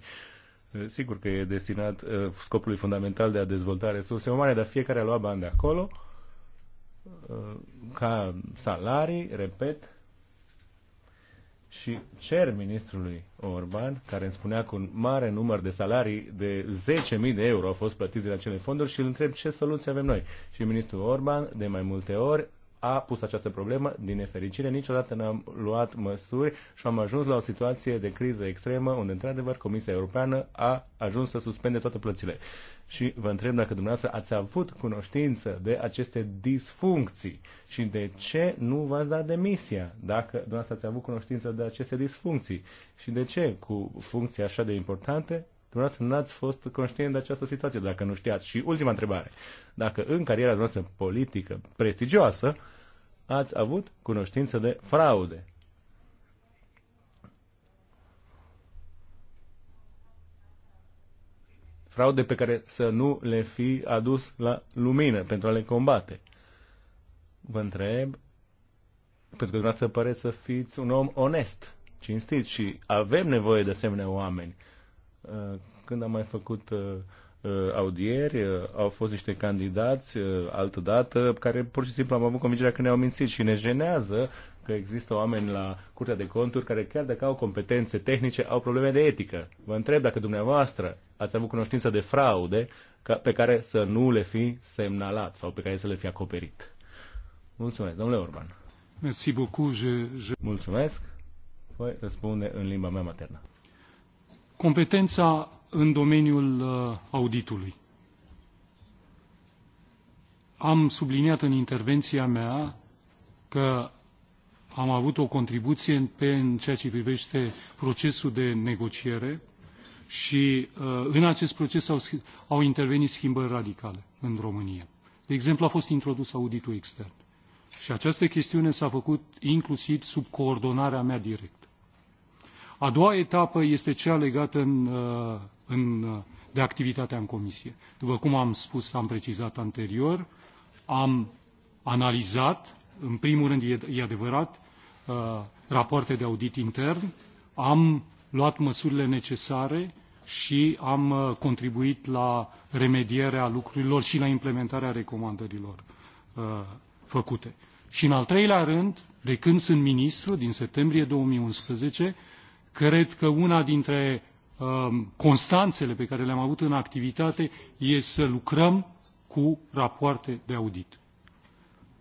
[SPEAKER 3] Eh, sigur că e destinat eh, scopului fundamental de a dezvolta resurse umane, dar fiecare a luat bani de acolo eh, ca salarii, repet, și cer ministrului Orban, care îmi spunea că un mare număr de salarii de 10.000 de euro au fost plătiți din acele fonduri și îl întreb ce soluție avem noi. Și ministrul Orban, de mai multe ori, a pus această problemă. Din nefericire, niciodată n-am luat măsuri și am ajuns la o situație de criză extremă unde, într-adevăr, Comisia Europeană a ajuns să suspende toate plățile și vă întreb dacă dumneavoastră ați avut cunoștință de aceste disfuncții și de ce nu v-ați dat demisia dacă dumneavoastră ați avut cunoștință de aceste disfuncții și de ce cu funcții așa de importante dumneavoastră n-ați fost conștient de această situație, dacă nu știați. Și ultima întrebare, dacă în cariera dumneavoastră politică prestigioasă ați avut cunoștință de fraude fraude pe care să nu le fi adus la lumină pentru a le combate. Vă întreb, pentru că dumneavoastră pare să fiți un om onest, cinstit și avem nevoie de asemenea oameni. Uh, când am mai făcut uh, uh, audieri, au fost niște candidați altă dată care pur și simplu am avut convingerea că ne-au mințit și ne jenează că există oameni la Curtea de Conturi care chiar dacă au competențe tehnice, au probleme de etică. Vă întreb dacă dumneavoastră ați avut cunoștință de fraude pe care să nu le fi semnalat sau pe care să le fi acoperit. Mulțumesc, domnule Orban.
[SPEAKER 4] Merci beaucoup, je, je... Mulțumesc. Voi răspunde în limba mea maternă. Competența în domeniul uh, auditului. Am subliniat în intervenția mea că am avut o contribuție pe, în ceea ce privește procesul de negociere și uh, în acest proces au, au intervenit schimbări radicale în România. De exemplu, a fost introdus auditul extern. Și această chestiune s-a făcut inclusiv sub coordonarea mea directă. A doua etapă este cea legată în, uh, în, uh, de activitatea în comisie. După cum am spus, am precizat anterior, am analizat, în primul rând e, e adevărat, uh, rapoarte de audit intern, am luat măsurile necesare și am uh, contribuit la remedierea lucrurilor și la implementarea recomandărilor uh, făcute. Și în al treilea rând, de când sunt ministru, din septembrie 2011, cred că una dintre um, constanțele pe care le-am avut în activitate este să lucrăm cu rapoarte de audit.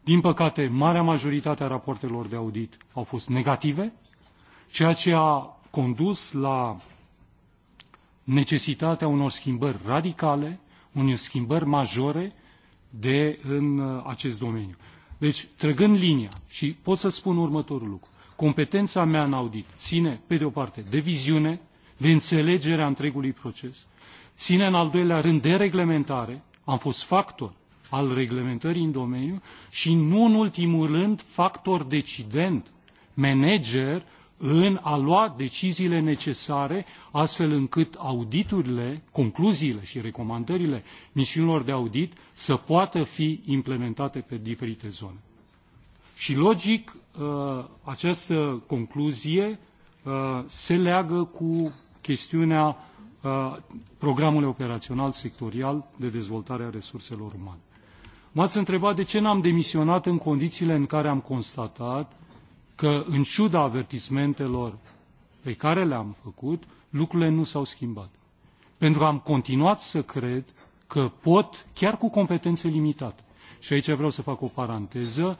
[SPEAKER 4] Din păcate, marea majoritate a rapoartelor de audit au fost negative, ceea ce a condus la necesitatea unor schimbări radicale, unor schimbări majore de, în uh, acest domeniu. Deci, trăgând linia, și pot să spun următorul lucru, competența mea în audit ține, pe de o parte, de viziune, de înțelegerea întregului proces, ține în al doilea rând de reglementare, am fost factor al reglementării în domeniu și nu în ultimul rând factor decident, manager în a lua deciziile necesare, astfel încât auditurile, concluziile și recomandările misiunilor de audit să poată fi implementate pe diferite zone. Și logic, ă, această concluzie ă, se leagă cu chestiunea ă, programului operațional sectorial de dezvoltare a resurselor umane. M-ați întrebat de ce n-am demisionat în condițiile în care am constatat că în ciuda avertismentelor pe care le-am făcut, lucrurile nu s-au schimbat. Pentru că am continuat să cred că pot, chiar cu competențe limitate. Și aici vreau să fac o paranteză.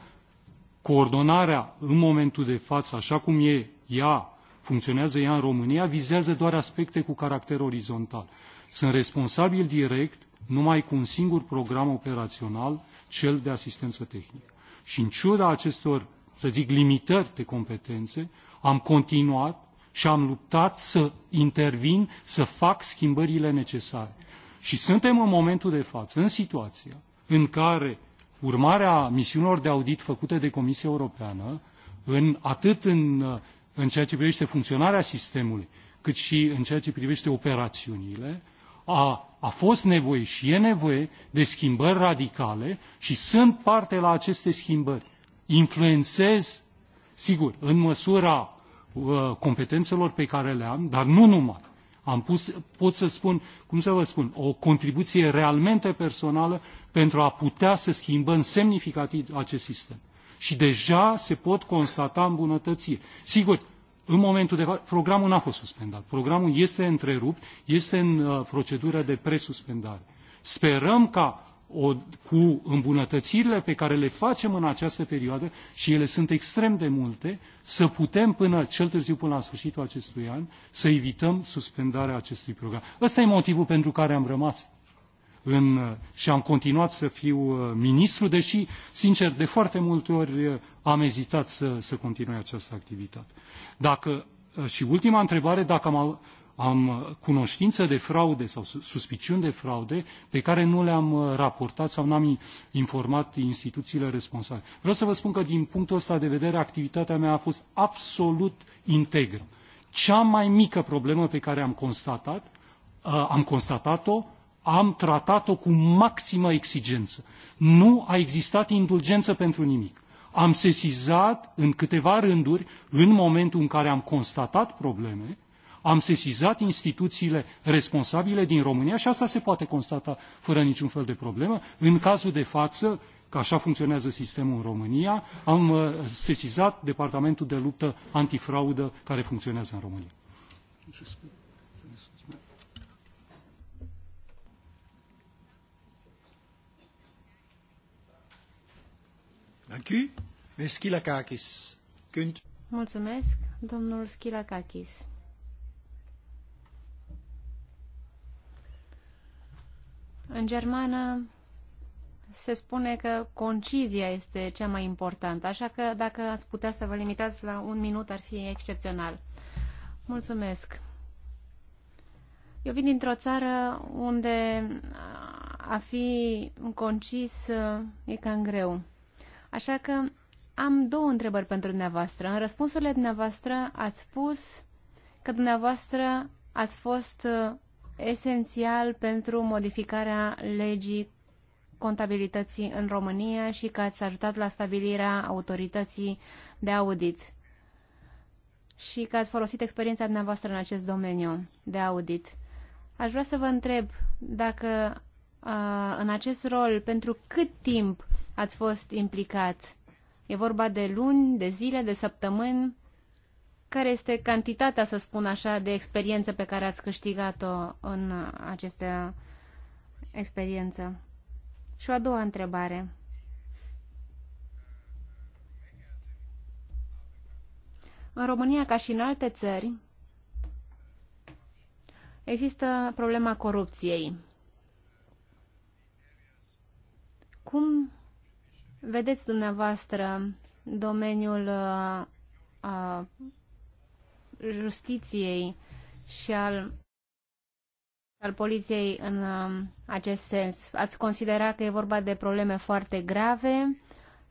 [SPEAKER 4] Coordonarea în momentul de față, așa cum e ea, funcționează ea în România, vizează doar aspecte cu caracter orizontal. Sunt responsabil direct numai cu un singur program operațional, cel de asistență tehnică. Și în ciuda acestor să zic, limitări de competențe, am continuat și am luptat să intervin, să fac schimbările necesare. Și suntem în momentul de față, în situația în care urmarea misiunilor de audit făcute de Comisia Europeană, în, atât în, în ceea ce privește funcționarea sistemului, cât și în ceea ce privește operațiunile, a, a fost nevoie și e nevoie de schimbări radicale și sunt parte la aceste schimbări influențez, sigur, în măsura uh, competențelor pe care le am, dar nu numai. Am pus, pot să spun, cum să vă spun, o contribuție realmente personală pentru a putea să schimbăm semnificativ acest sistem. Și deja se pot constata îmbunătățiri. Sigur, în momentul de față, programul n-a fost suspendat. Programul este întrerupt, este în uh, procedură de presuspendare. Sperăm ca o, cu îmbunătățirile pe care le facem în această perioadă și ele sunt extrem de multe, să putem până cel târziu până la sfârșitul acestui an să evităm suspendarea acestui program. Ăsta e motivul pentru care am rămas în, și am continuat să fiu uh, ministru, deși, sincer, de foarte multe ori uh, am ezitat să, să continui această activitate. Dacă, uh, și ultima întrebare, dacă am am uh, cunoștință de fraude sau suspiciuni de fraude pe care nu le-am uh, raportat sau nu am informat instituțiile responsabile. Vreau să vă spun că din punctul ăsta de vedere activitatea mea a fost absolut integră. Cea mai mică problemă pe care am constatat, uh, am constatat-o, am tratat-o cu maximă exigență. Nu a existat indulgență pentru nimic. Am sesizat în câteva rânduri, în momentul în care am constatat probleme, am sesizat instituțiile responsabile din România și asta se poate constata fără niciun fel de problemă. În cazul de față, că așa funcționează sistemul în România, am uh, sesizat Departamentul de Luptă Antifraudă care funcționează în România.
[SPEAKER 5] Mulțumesc, domnul Schilakakis. În germană se spune că concizia este cea mai importantă, așa că dacă ați putea să vă limitați la un minut ar fi excepțional. Mulțumesc! Eu vin dintr-o țară unde a fi concis e cam greu. Așa că am două întrebări pentru dumneavoastră. În răspunsurile dumneavoastră ați spus că dumneavoastră ați fost esențial pentru modificarea legii contabilității în România și că ați ajutat la stabilirea autorității de audit și că ați folosit experiența dumneavoastră în acest domeniu de audit. Aș vrea să vă întreb dacă în acest rol, pentru cât timp ați fost implicat? E vorba de luni, de zile, de săptămâni? care este cantitatea, să spun așa, de experiență pe care ați câștigat-o în aceste experiență? Și o a doua întrebare. În România, ca și în alte țări, există problema corupției. Cum vedeți dumneavoastră domeniul uh, justiției și al, al poliției în um, acest sens? Ați considera că e vorba de probleme foarte grave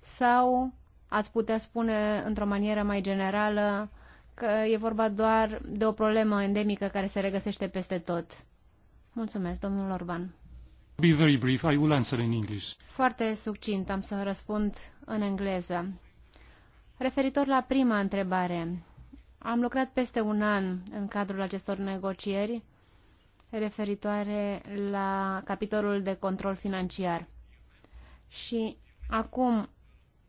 [SPEAKER 5] sau ați putea spune într-o manieră mai generală că e vorba doar de o problemă endemică care se regăsește peste tot? Mulțumesc, domnul Orban.
[SPEAKER 4] Be very brief. I will answer in English.
[SPEAKER 5] Foarte succint, am să răspund în engleză. Referitor la prima întrebare, am lucrat peste un an în cadrul acestor negocieri referitoare la capitolul de control financiar. Și acum,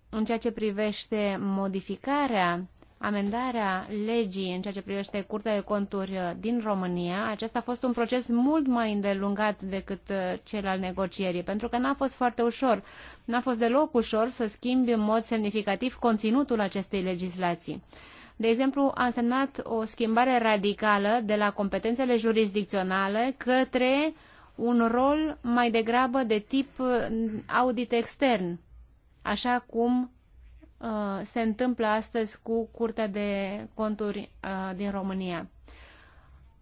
[SPEAKER 5] în ceea ce privește modificarea, amendarea legii în ceea ce privește Curtea de Conturi din România, acesta a fost un proces mult mai îndelungat decât uh, cel al negocierii, pentru că n-a fost foarte ușor. N-a fost deloc ușor să schimbi în mod semnificativ conținutul acestei legislații. De exemplu, a însemnat o schimbare radicală de la competențele jurisdicționale către un rol mai degrabă de tip uh, audit extern, așa cum uh, se întâmplă astăzi cu Curtea de Conturi uh, din România.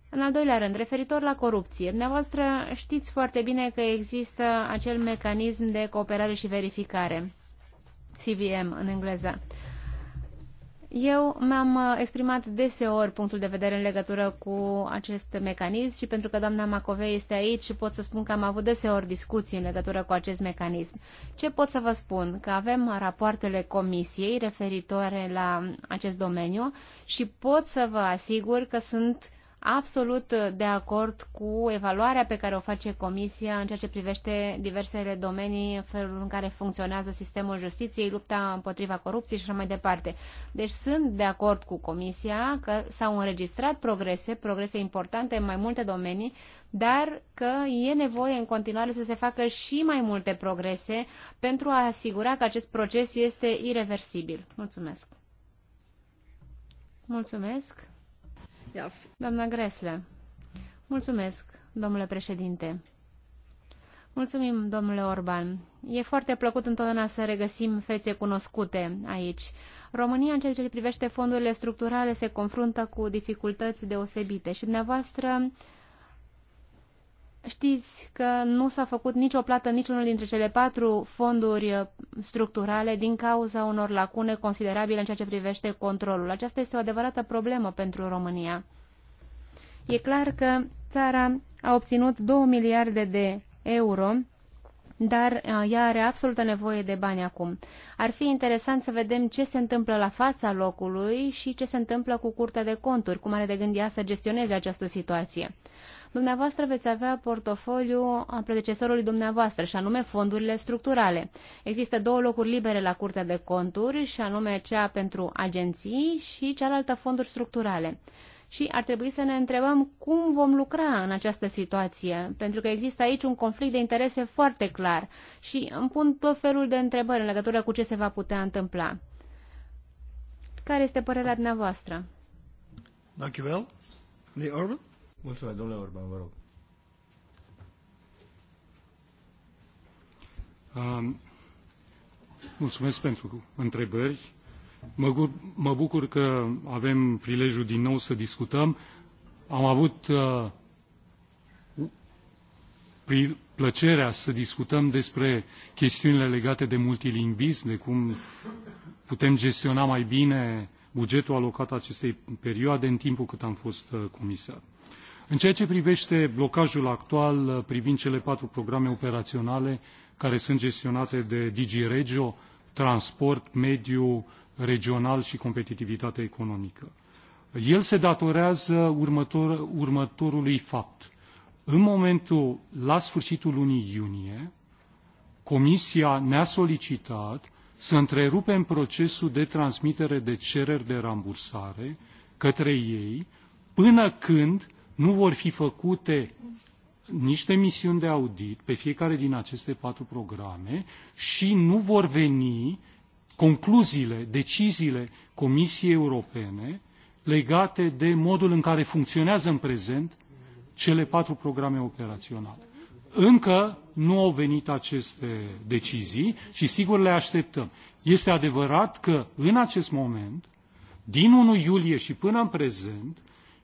[SPEAKER 5] În al doilea rând, referitor la corupție, dumneavoastră știți foarte bine că există acel mecanism de cooperare și verificare, CVM în engleză. Uh, eu mi-am uh, exprimat deseori punctul de vedere în legătură cu acest mecanism și pentru că doamna Macovei este aici și pot să spun că am avut deseori discuții în legătură cu acest mecanism. Ce pot să vă spun? Că avem rapoartele comisiei referitoare la acest domeniu și pot să vă asigur că sunt absolut de acord cu evaluarea pe care o face Comisia în ceea ce privește diversele domenii, felul în care funcționează sistemul justiției, lupta împotriva corupției și așa mai departe. Deci sunt de acord cu Comisia că s-au înregistrat progrese, progrese importante în mai multe domenii, dar că e nevoie în continuare să se facă și mai multe progrese pentru a asigura că acest proces este irreversibil. Mulțumesc! Mulțumesc! Doamna Gresle, mulțumesc, domnule președinte. Mulțumim, domnule Orban. E foarte plăcut întotdeauna să regăsim fețe cunoscute aici. România, în ceea ce privește fondurile structurale, se confruntă cu dificultăți deosebite și dumneavoastră Știți că nu s-a făcut nicio plată niciunul dintre cele patru fonduri uh, structurale din cauza unor lacune considerabile în ceea ce privește controlul. Aceasta este o adevărată problemă pentru România. E clar că țara a obținut 2 miliarde de euro, dar uh, ea are absolută nevoie de bani acum. Ar fi interesant să vedem ce se întâmplă la fața locului și ce se întâmplă cu Curtea de Conturi, cum are de gând ea să gestioneze această situație. Dumneavoastră veți avea portofoliu a predecesorului dumneavoastră, și anume fondurile structurale. Există două locuri libere la Curtea de Conturi, și anume cea pentru agenții și cealaltă fonduri structurale și ar trebui să ne întrebăm cum vom lucra în această situație, pentru că există aici un conflict de interese foarte clar și îmi pun tot felul de întrebări în legătură cu ce se va putea întâmpla. Care este părerea dumneavoastră?
[SPEAKER 4] Dankjewel. Meneer Orban?
[SPEAKER 3] Mulțumesc, domnule Orban, vă rog.
[SPEAKER 4] Um, mulțumesc pentru întrebări. Mă, mă bucur că avem prilejul din nou să discutăm. Am avut uh, plăcerea să discutăm despre chestiunile legate de multilingvism, de cum putem gestiona mai bine bugetul alocat acestei perioade în timpul cât am fost uh, comisar. În ceea ce privește blocajul actual uh, privind cele patru programe operaționale care sunt gestionate de DG Regio, transport, mediu, regional și competitivitate economică. El se datorează următor, următorului fapt. În momentul, la sfârșitul lunii iunie, Comisia ne-a solicitat să întrerupem procesul de transmitere de cereri de rambursare către ei până când uh, nu vor fi făcute niște misiuni de audit pe fiecare din aceste patru programe și nu vor veni concluziile, deciziile Comisiei Europene legate de modul în care funcționează în prezent cele patru programe operaționale. Încă nu au venit aceste decizii și sigur le așteptăm. Este adevărat că în acest moment, din 1 iulie și până în prezent,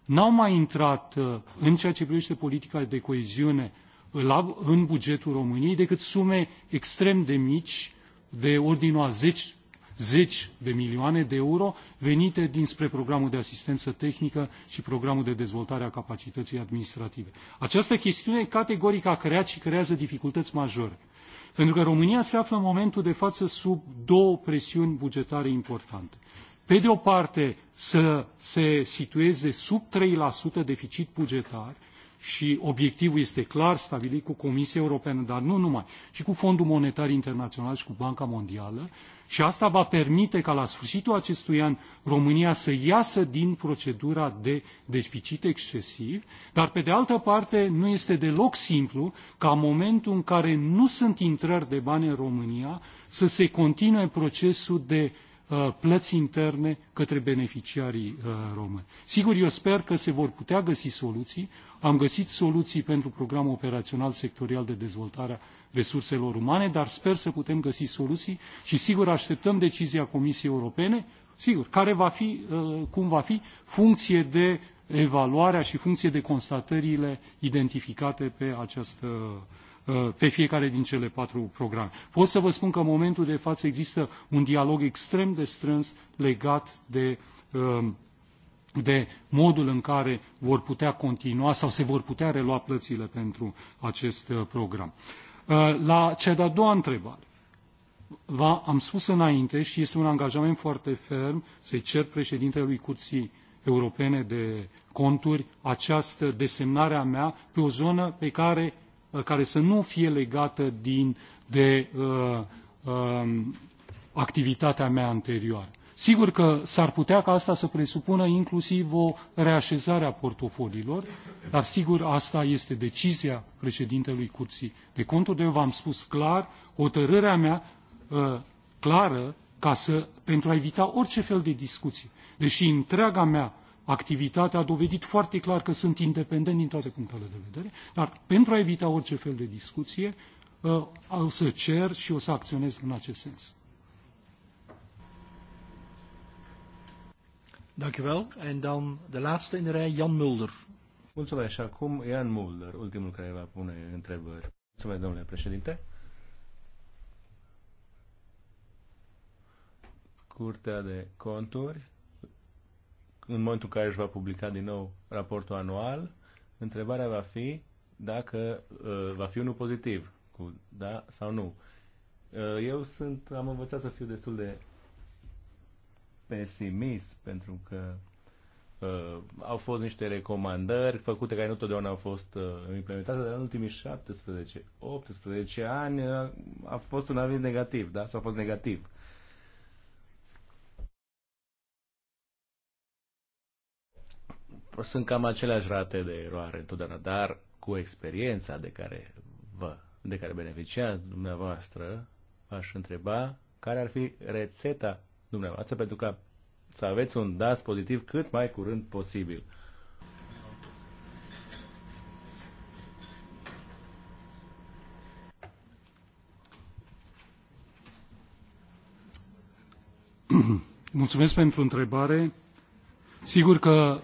[SPEAKER 4] n-au mai intrat uh, în ceea ce privește politica de coeziune uh, în bugetul României decât sume extrem de mici, de ordinul a 10, 10 de milioane de euro venite dinspre programul de asistență tehnică și programul de dezvoltare a capacității administrative. Această chestiune categoric a creat și creează dificultăți majore. Pentru că România se află în momentul de față sub două presiuni bugetare importante pe de o parte, să se situeze sub 3% deficit bugetar și obiectivul este clar stabilit cu Comisia Europeană, dar nu numai, și cu Fondul Monetar Internațional și cu Banca Mondială, și asta va permite ca la sfârșitul acestui an România să iasă din procedura de deficit excesiv, dar pe de altă parte nu este deloc simplu ca în momentul în care nu sunt intrări de bani în România să se continue procesul de Uh, plăți interne către beneficiarii uh, români. Sigur, eu sper că se vor putea găsi soluții. Am găsit soluții pentru programul operațional sectorial de dezvoltare a resurselor umane, dar sper să putem găsi soluții și sigur așteptăm decizia Comisiei Europene, sigur, care va fi, uh, cum va fi, funcție de evaluarea și funcție de constatările identificate pe această Uh, pe fiecare din cele patru programe. Pot să vă spun că în momentul de față există un dialog extrem de strâns legat de, uh, de modul în care vor putea continua sau se vor putea relua plățile pentru acest uh, program. La cea de-a doua întrebare, Va, am spus înainte și este un angajament foarte ferm să-i cer președintelui Curții Europene de Conturi această desemnare a mea pe o zonă pe care Uh, care să nu fie legată din, de uh, uh, activitatea mea anterioară. Sigur că s-ar putea ca asta să presupună inclusiv o reașezare a portofoliilor, dar sigur asta este decizia președintelui Curții de Conturi. Eu v-am spus clar hotărârea mea uh, clară ca să, pentru a evita orice fel de discuții. Deși întreaga mea activitatea, a dovedit foarte clar că sunt independent din toate punctele de vedere, dar pentru a evita orice fel de discuție, o uh, să cer și o să acționez în acest sens. Dank u wel. En dan de laatste in de rij, Jan Mulder. Mulțumesc.
[SPEAKER 3] acum Jan Mulder, ultimul care va pune întrebări. Mulțumesc, domnule președinte. Curtea de conturi în momentul în care își va publica din nou raportul anual, întrebarea va fi dacă uh, va fi unul pozitiv, cu da sau nu. Uh, eu sunt, am învățat să fiu destul de pesimist pentru că uh, au fost niște recomandări făcute care nu totdeauna au fost uh, implementate, dar în ultimii 17, 18 ani uh, a fost un aviz negativ, da? s a fost negativ. Uh, sunt cam aceleași rate de eroare întotdeauna, dar cu experiența de care vă, de care beneficiați dumneavoastră, aș întreba care ar fi rețeta dumneavoastră pentru ca să aveți un DAS pozitiv cât mai curând posibil.
[SPEAKER 4] Mulțumesc pentru întrebare. Sigur că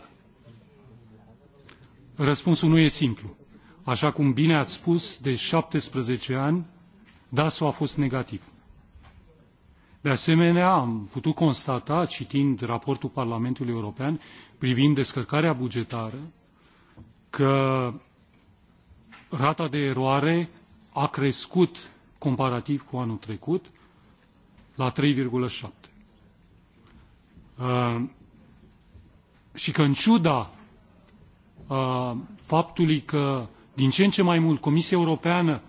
[SPEAKER 4] Răspunsul nu e simplu. Așa cum bine ați spus, de 17 ani, DASO a fost negativ. De asemenea, am putut constata, citind raportul Parlamentului European privind descărcarea bugetară, că rata de eroare a crescut comparativ cu anul trecut la 3,7. Uh, ă, și că în ciuda Uh, faptului că din ce în ce mai mult Comisia Europeană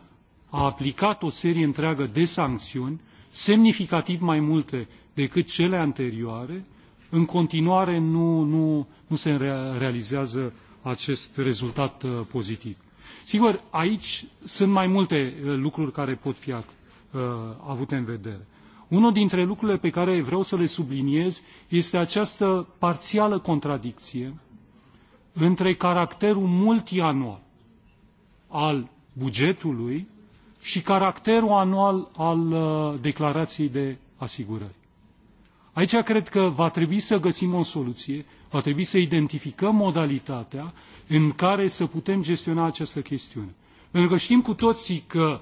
[SPEAKER 4] a aplicat o serie întreagă de sancțiuni, semnificativ mai multe decât cele anterioare, în continuare nu, nu, nu se realizează acest rezultat uh, pozitiv. Sigur, aici sunt mai multe uh, lucruri care pot fi avute în vedere. Unul dintre lucrurile pe care vreau să le subliniez este această parțială contradicție între caracterul multianual al bugetului și caracterul anual al uh, declarației de asigurări. Aici cred că va trebui să găsim o soluție, va trebui să identificăm modalitatea în care să putem gestiona această chestiune. Pentru că știm cu toții că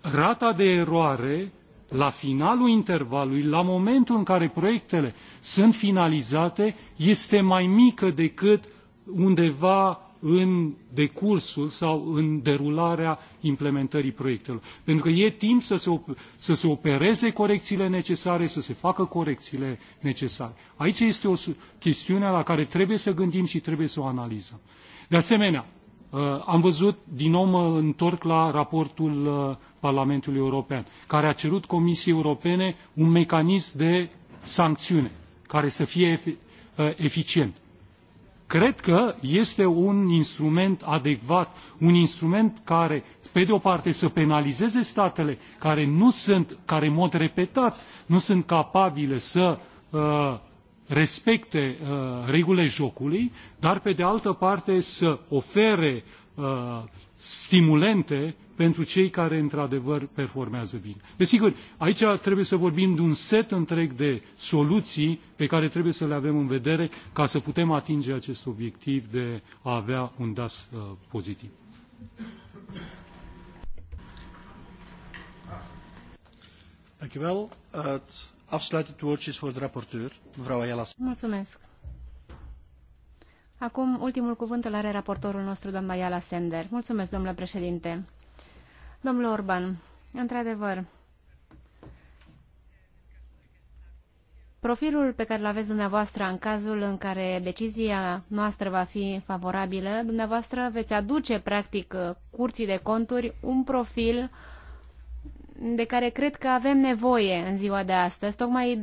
[SPEAKER 4] rata de eroare la finalul intervalului, la momentul în care proiectele sunt finalizate, este mai mică decât undeva în decursul sau în derularea implementării proiectelor. Pentru că e timp să se, să se opereze corecțiile necesare, să se facă corecțiile necesare. Aici este o chestiune la care trebuie să gândim și trebuie să o analizăm. De asemenea, Uh, am văzut, din nou mă întorc la raportul uh, Parlamentului European, care a cerut Comisiei Europene un mecanism de sancțiune care să fie uh, eficient. Cred că este un instrument adecvat, un instrument care, pe de o parte, să penalizeze statele care nu sunt, care în mod repetat nu sunt capabile să uh, respecte uh, regulile jocului, dar pe de altă parte să ofere uh, stimulente pentru cei care într-adevăr performează bine. Desigur, aici trebuie să vorbim de un set întreg de soluții pe care trebuie să le avem în vedere ca să putem atinge acest obiectiv de a avea un DAS uh, pozitiv. Dankjewel. Afsluitend woord is voor rapporteur, mevrouw
[SPEAKER 5] Mulțumesc. Acum, ultimul cuvânt îl are raportorul nostru, doamna Sender. Mulțumesc, domnule președinte. Domnule Orban, într-adevăr, Profilul pe care îl aveți dumneavoastră în cazul în care decizia noastră va fi favorabilă, dumneavoastră veți aduce, practic, curții de conturi un profil uh, de care cred că avem nevoie în ziua de astăzi, tocmai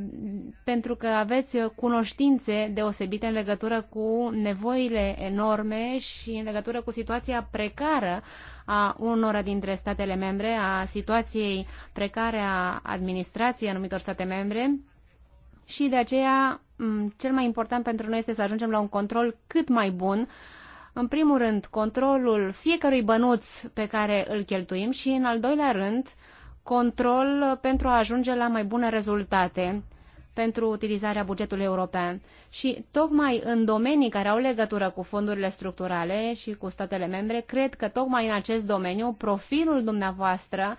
[SPEAKER 5] pentru că aveți cunoștințe deosebite în legătură cu nevoile enorme și în legătură cu situația precară a unora dintre statele membre, a situației precare a administrației anumitor state membre și de aceea cel mai important pentru noi este să ajungem la un control cât mai bun în primul rând, controlul fiecărui bănuț pe care îl cheltuim și, în al doilea rând, control pentru a ajunge la mai bune rezultate pentru utilizarea bugetului european. Și tocmai în domenii care au legătură cu fondurile structurale și cu statele membre, cred că tocmai în acest domeniu profilul dumneavoastră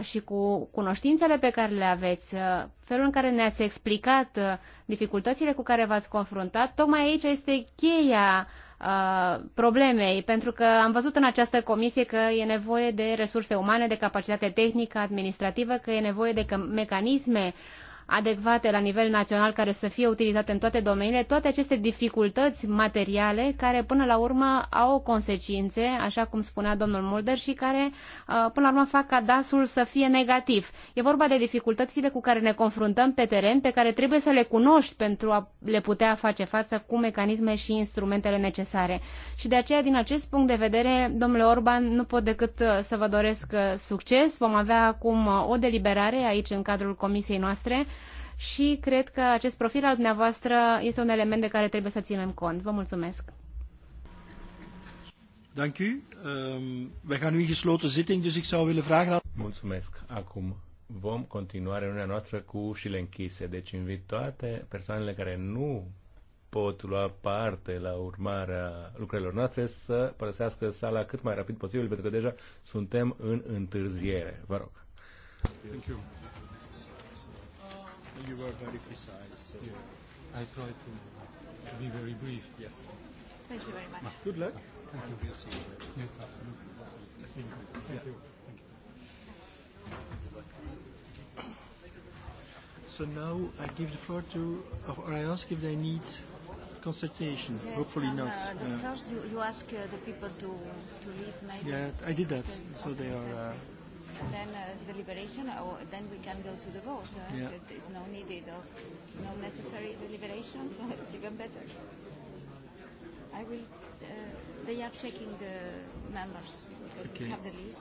[SPEAKER 5] și cu cunoștințele pe care le aveți, felul în care ne-ați explicat dificultățile cu care v-ați confruntat, tocmai aici este cheia uh, Uh, problemei, pentru că am văzut în această comisie că e nevoie de resurse umane, de capacitate tehnică, administrativă, că e nevoie de mecanisme uh, adecvate la nivel național care să fie utilizate în toate domeniile, toate aceste dificultăți materiale care până la urmă au consecințe, așa cum spunea domnul Mulder, și care uh, până la urmă fac ca DAS-ul să fie negativ. E vorba de dificultățile cu care ne confruntăm pe teren, pe care trebuie să le cunoști pentru a le putea face față cu mecanisme și instrumentele necesare. Și de aceea, din acest punct de vedere, domnule Orban, nu pot decât uh, să vă doresc uh, succes. Vom avea acum o deliberare aici în cadrul comisiei noastre și cred că acest profil al dumneavoastră este un element de care trebuie să ținem cont. Vă mulțumesc!
[SPEAKER 3] Dank u. Um, ehm, wij gaan nu in gesloten zitting, dus ik zou willen vragen Mulțumesc. Acum vom continua reuniunea noastră cu ușile închise. Deci invit toate persoanele care nu pot lua parte la urmarea lucrărilor noastre să părăsească sala cât mai rapid posibil, pentru că deja suntem în întârziere. Vă rog.
[SPEAKER 4] Thank you you were very precise. So.
[SPEAKER 3] Yeah.
[SPEAKER 4] I tried to, to be very brief. Yes.
[SPEAKER 1] Thank you very much.
[SPEAKER 4] Good luck. Thank you. we'll see you later. Yes, absolutely. Thank you. Thank yeah. you. Thank you. So now I give the floor to,
[SPEAKER 2] or I ask if they need consultation. Yes, Hopefully not. Uh, the uh, First,
[SPEAKER 1] you, you ask uh, the people to, to leave, maybe. Yeah, I did that. Yes. So okay. they are. Uh, then uh, deliberation, or then we can go to the vote. Uh, yeah. There is no needed or no necessary deliberation, so it's even better. I will. Uh, they are checking the members because okay. we have the list.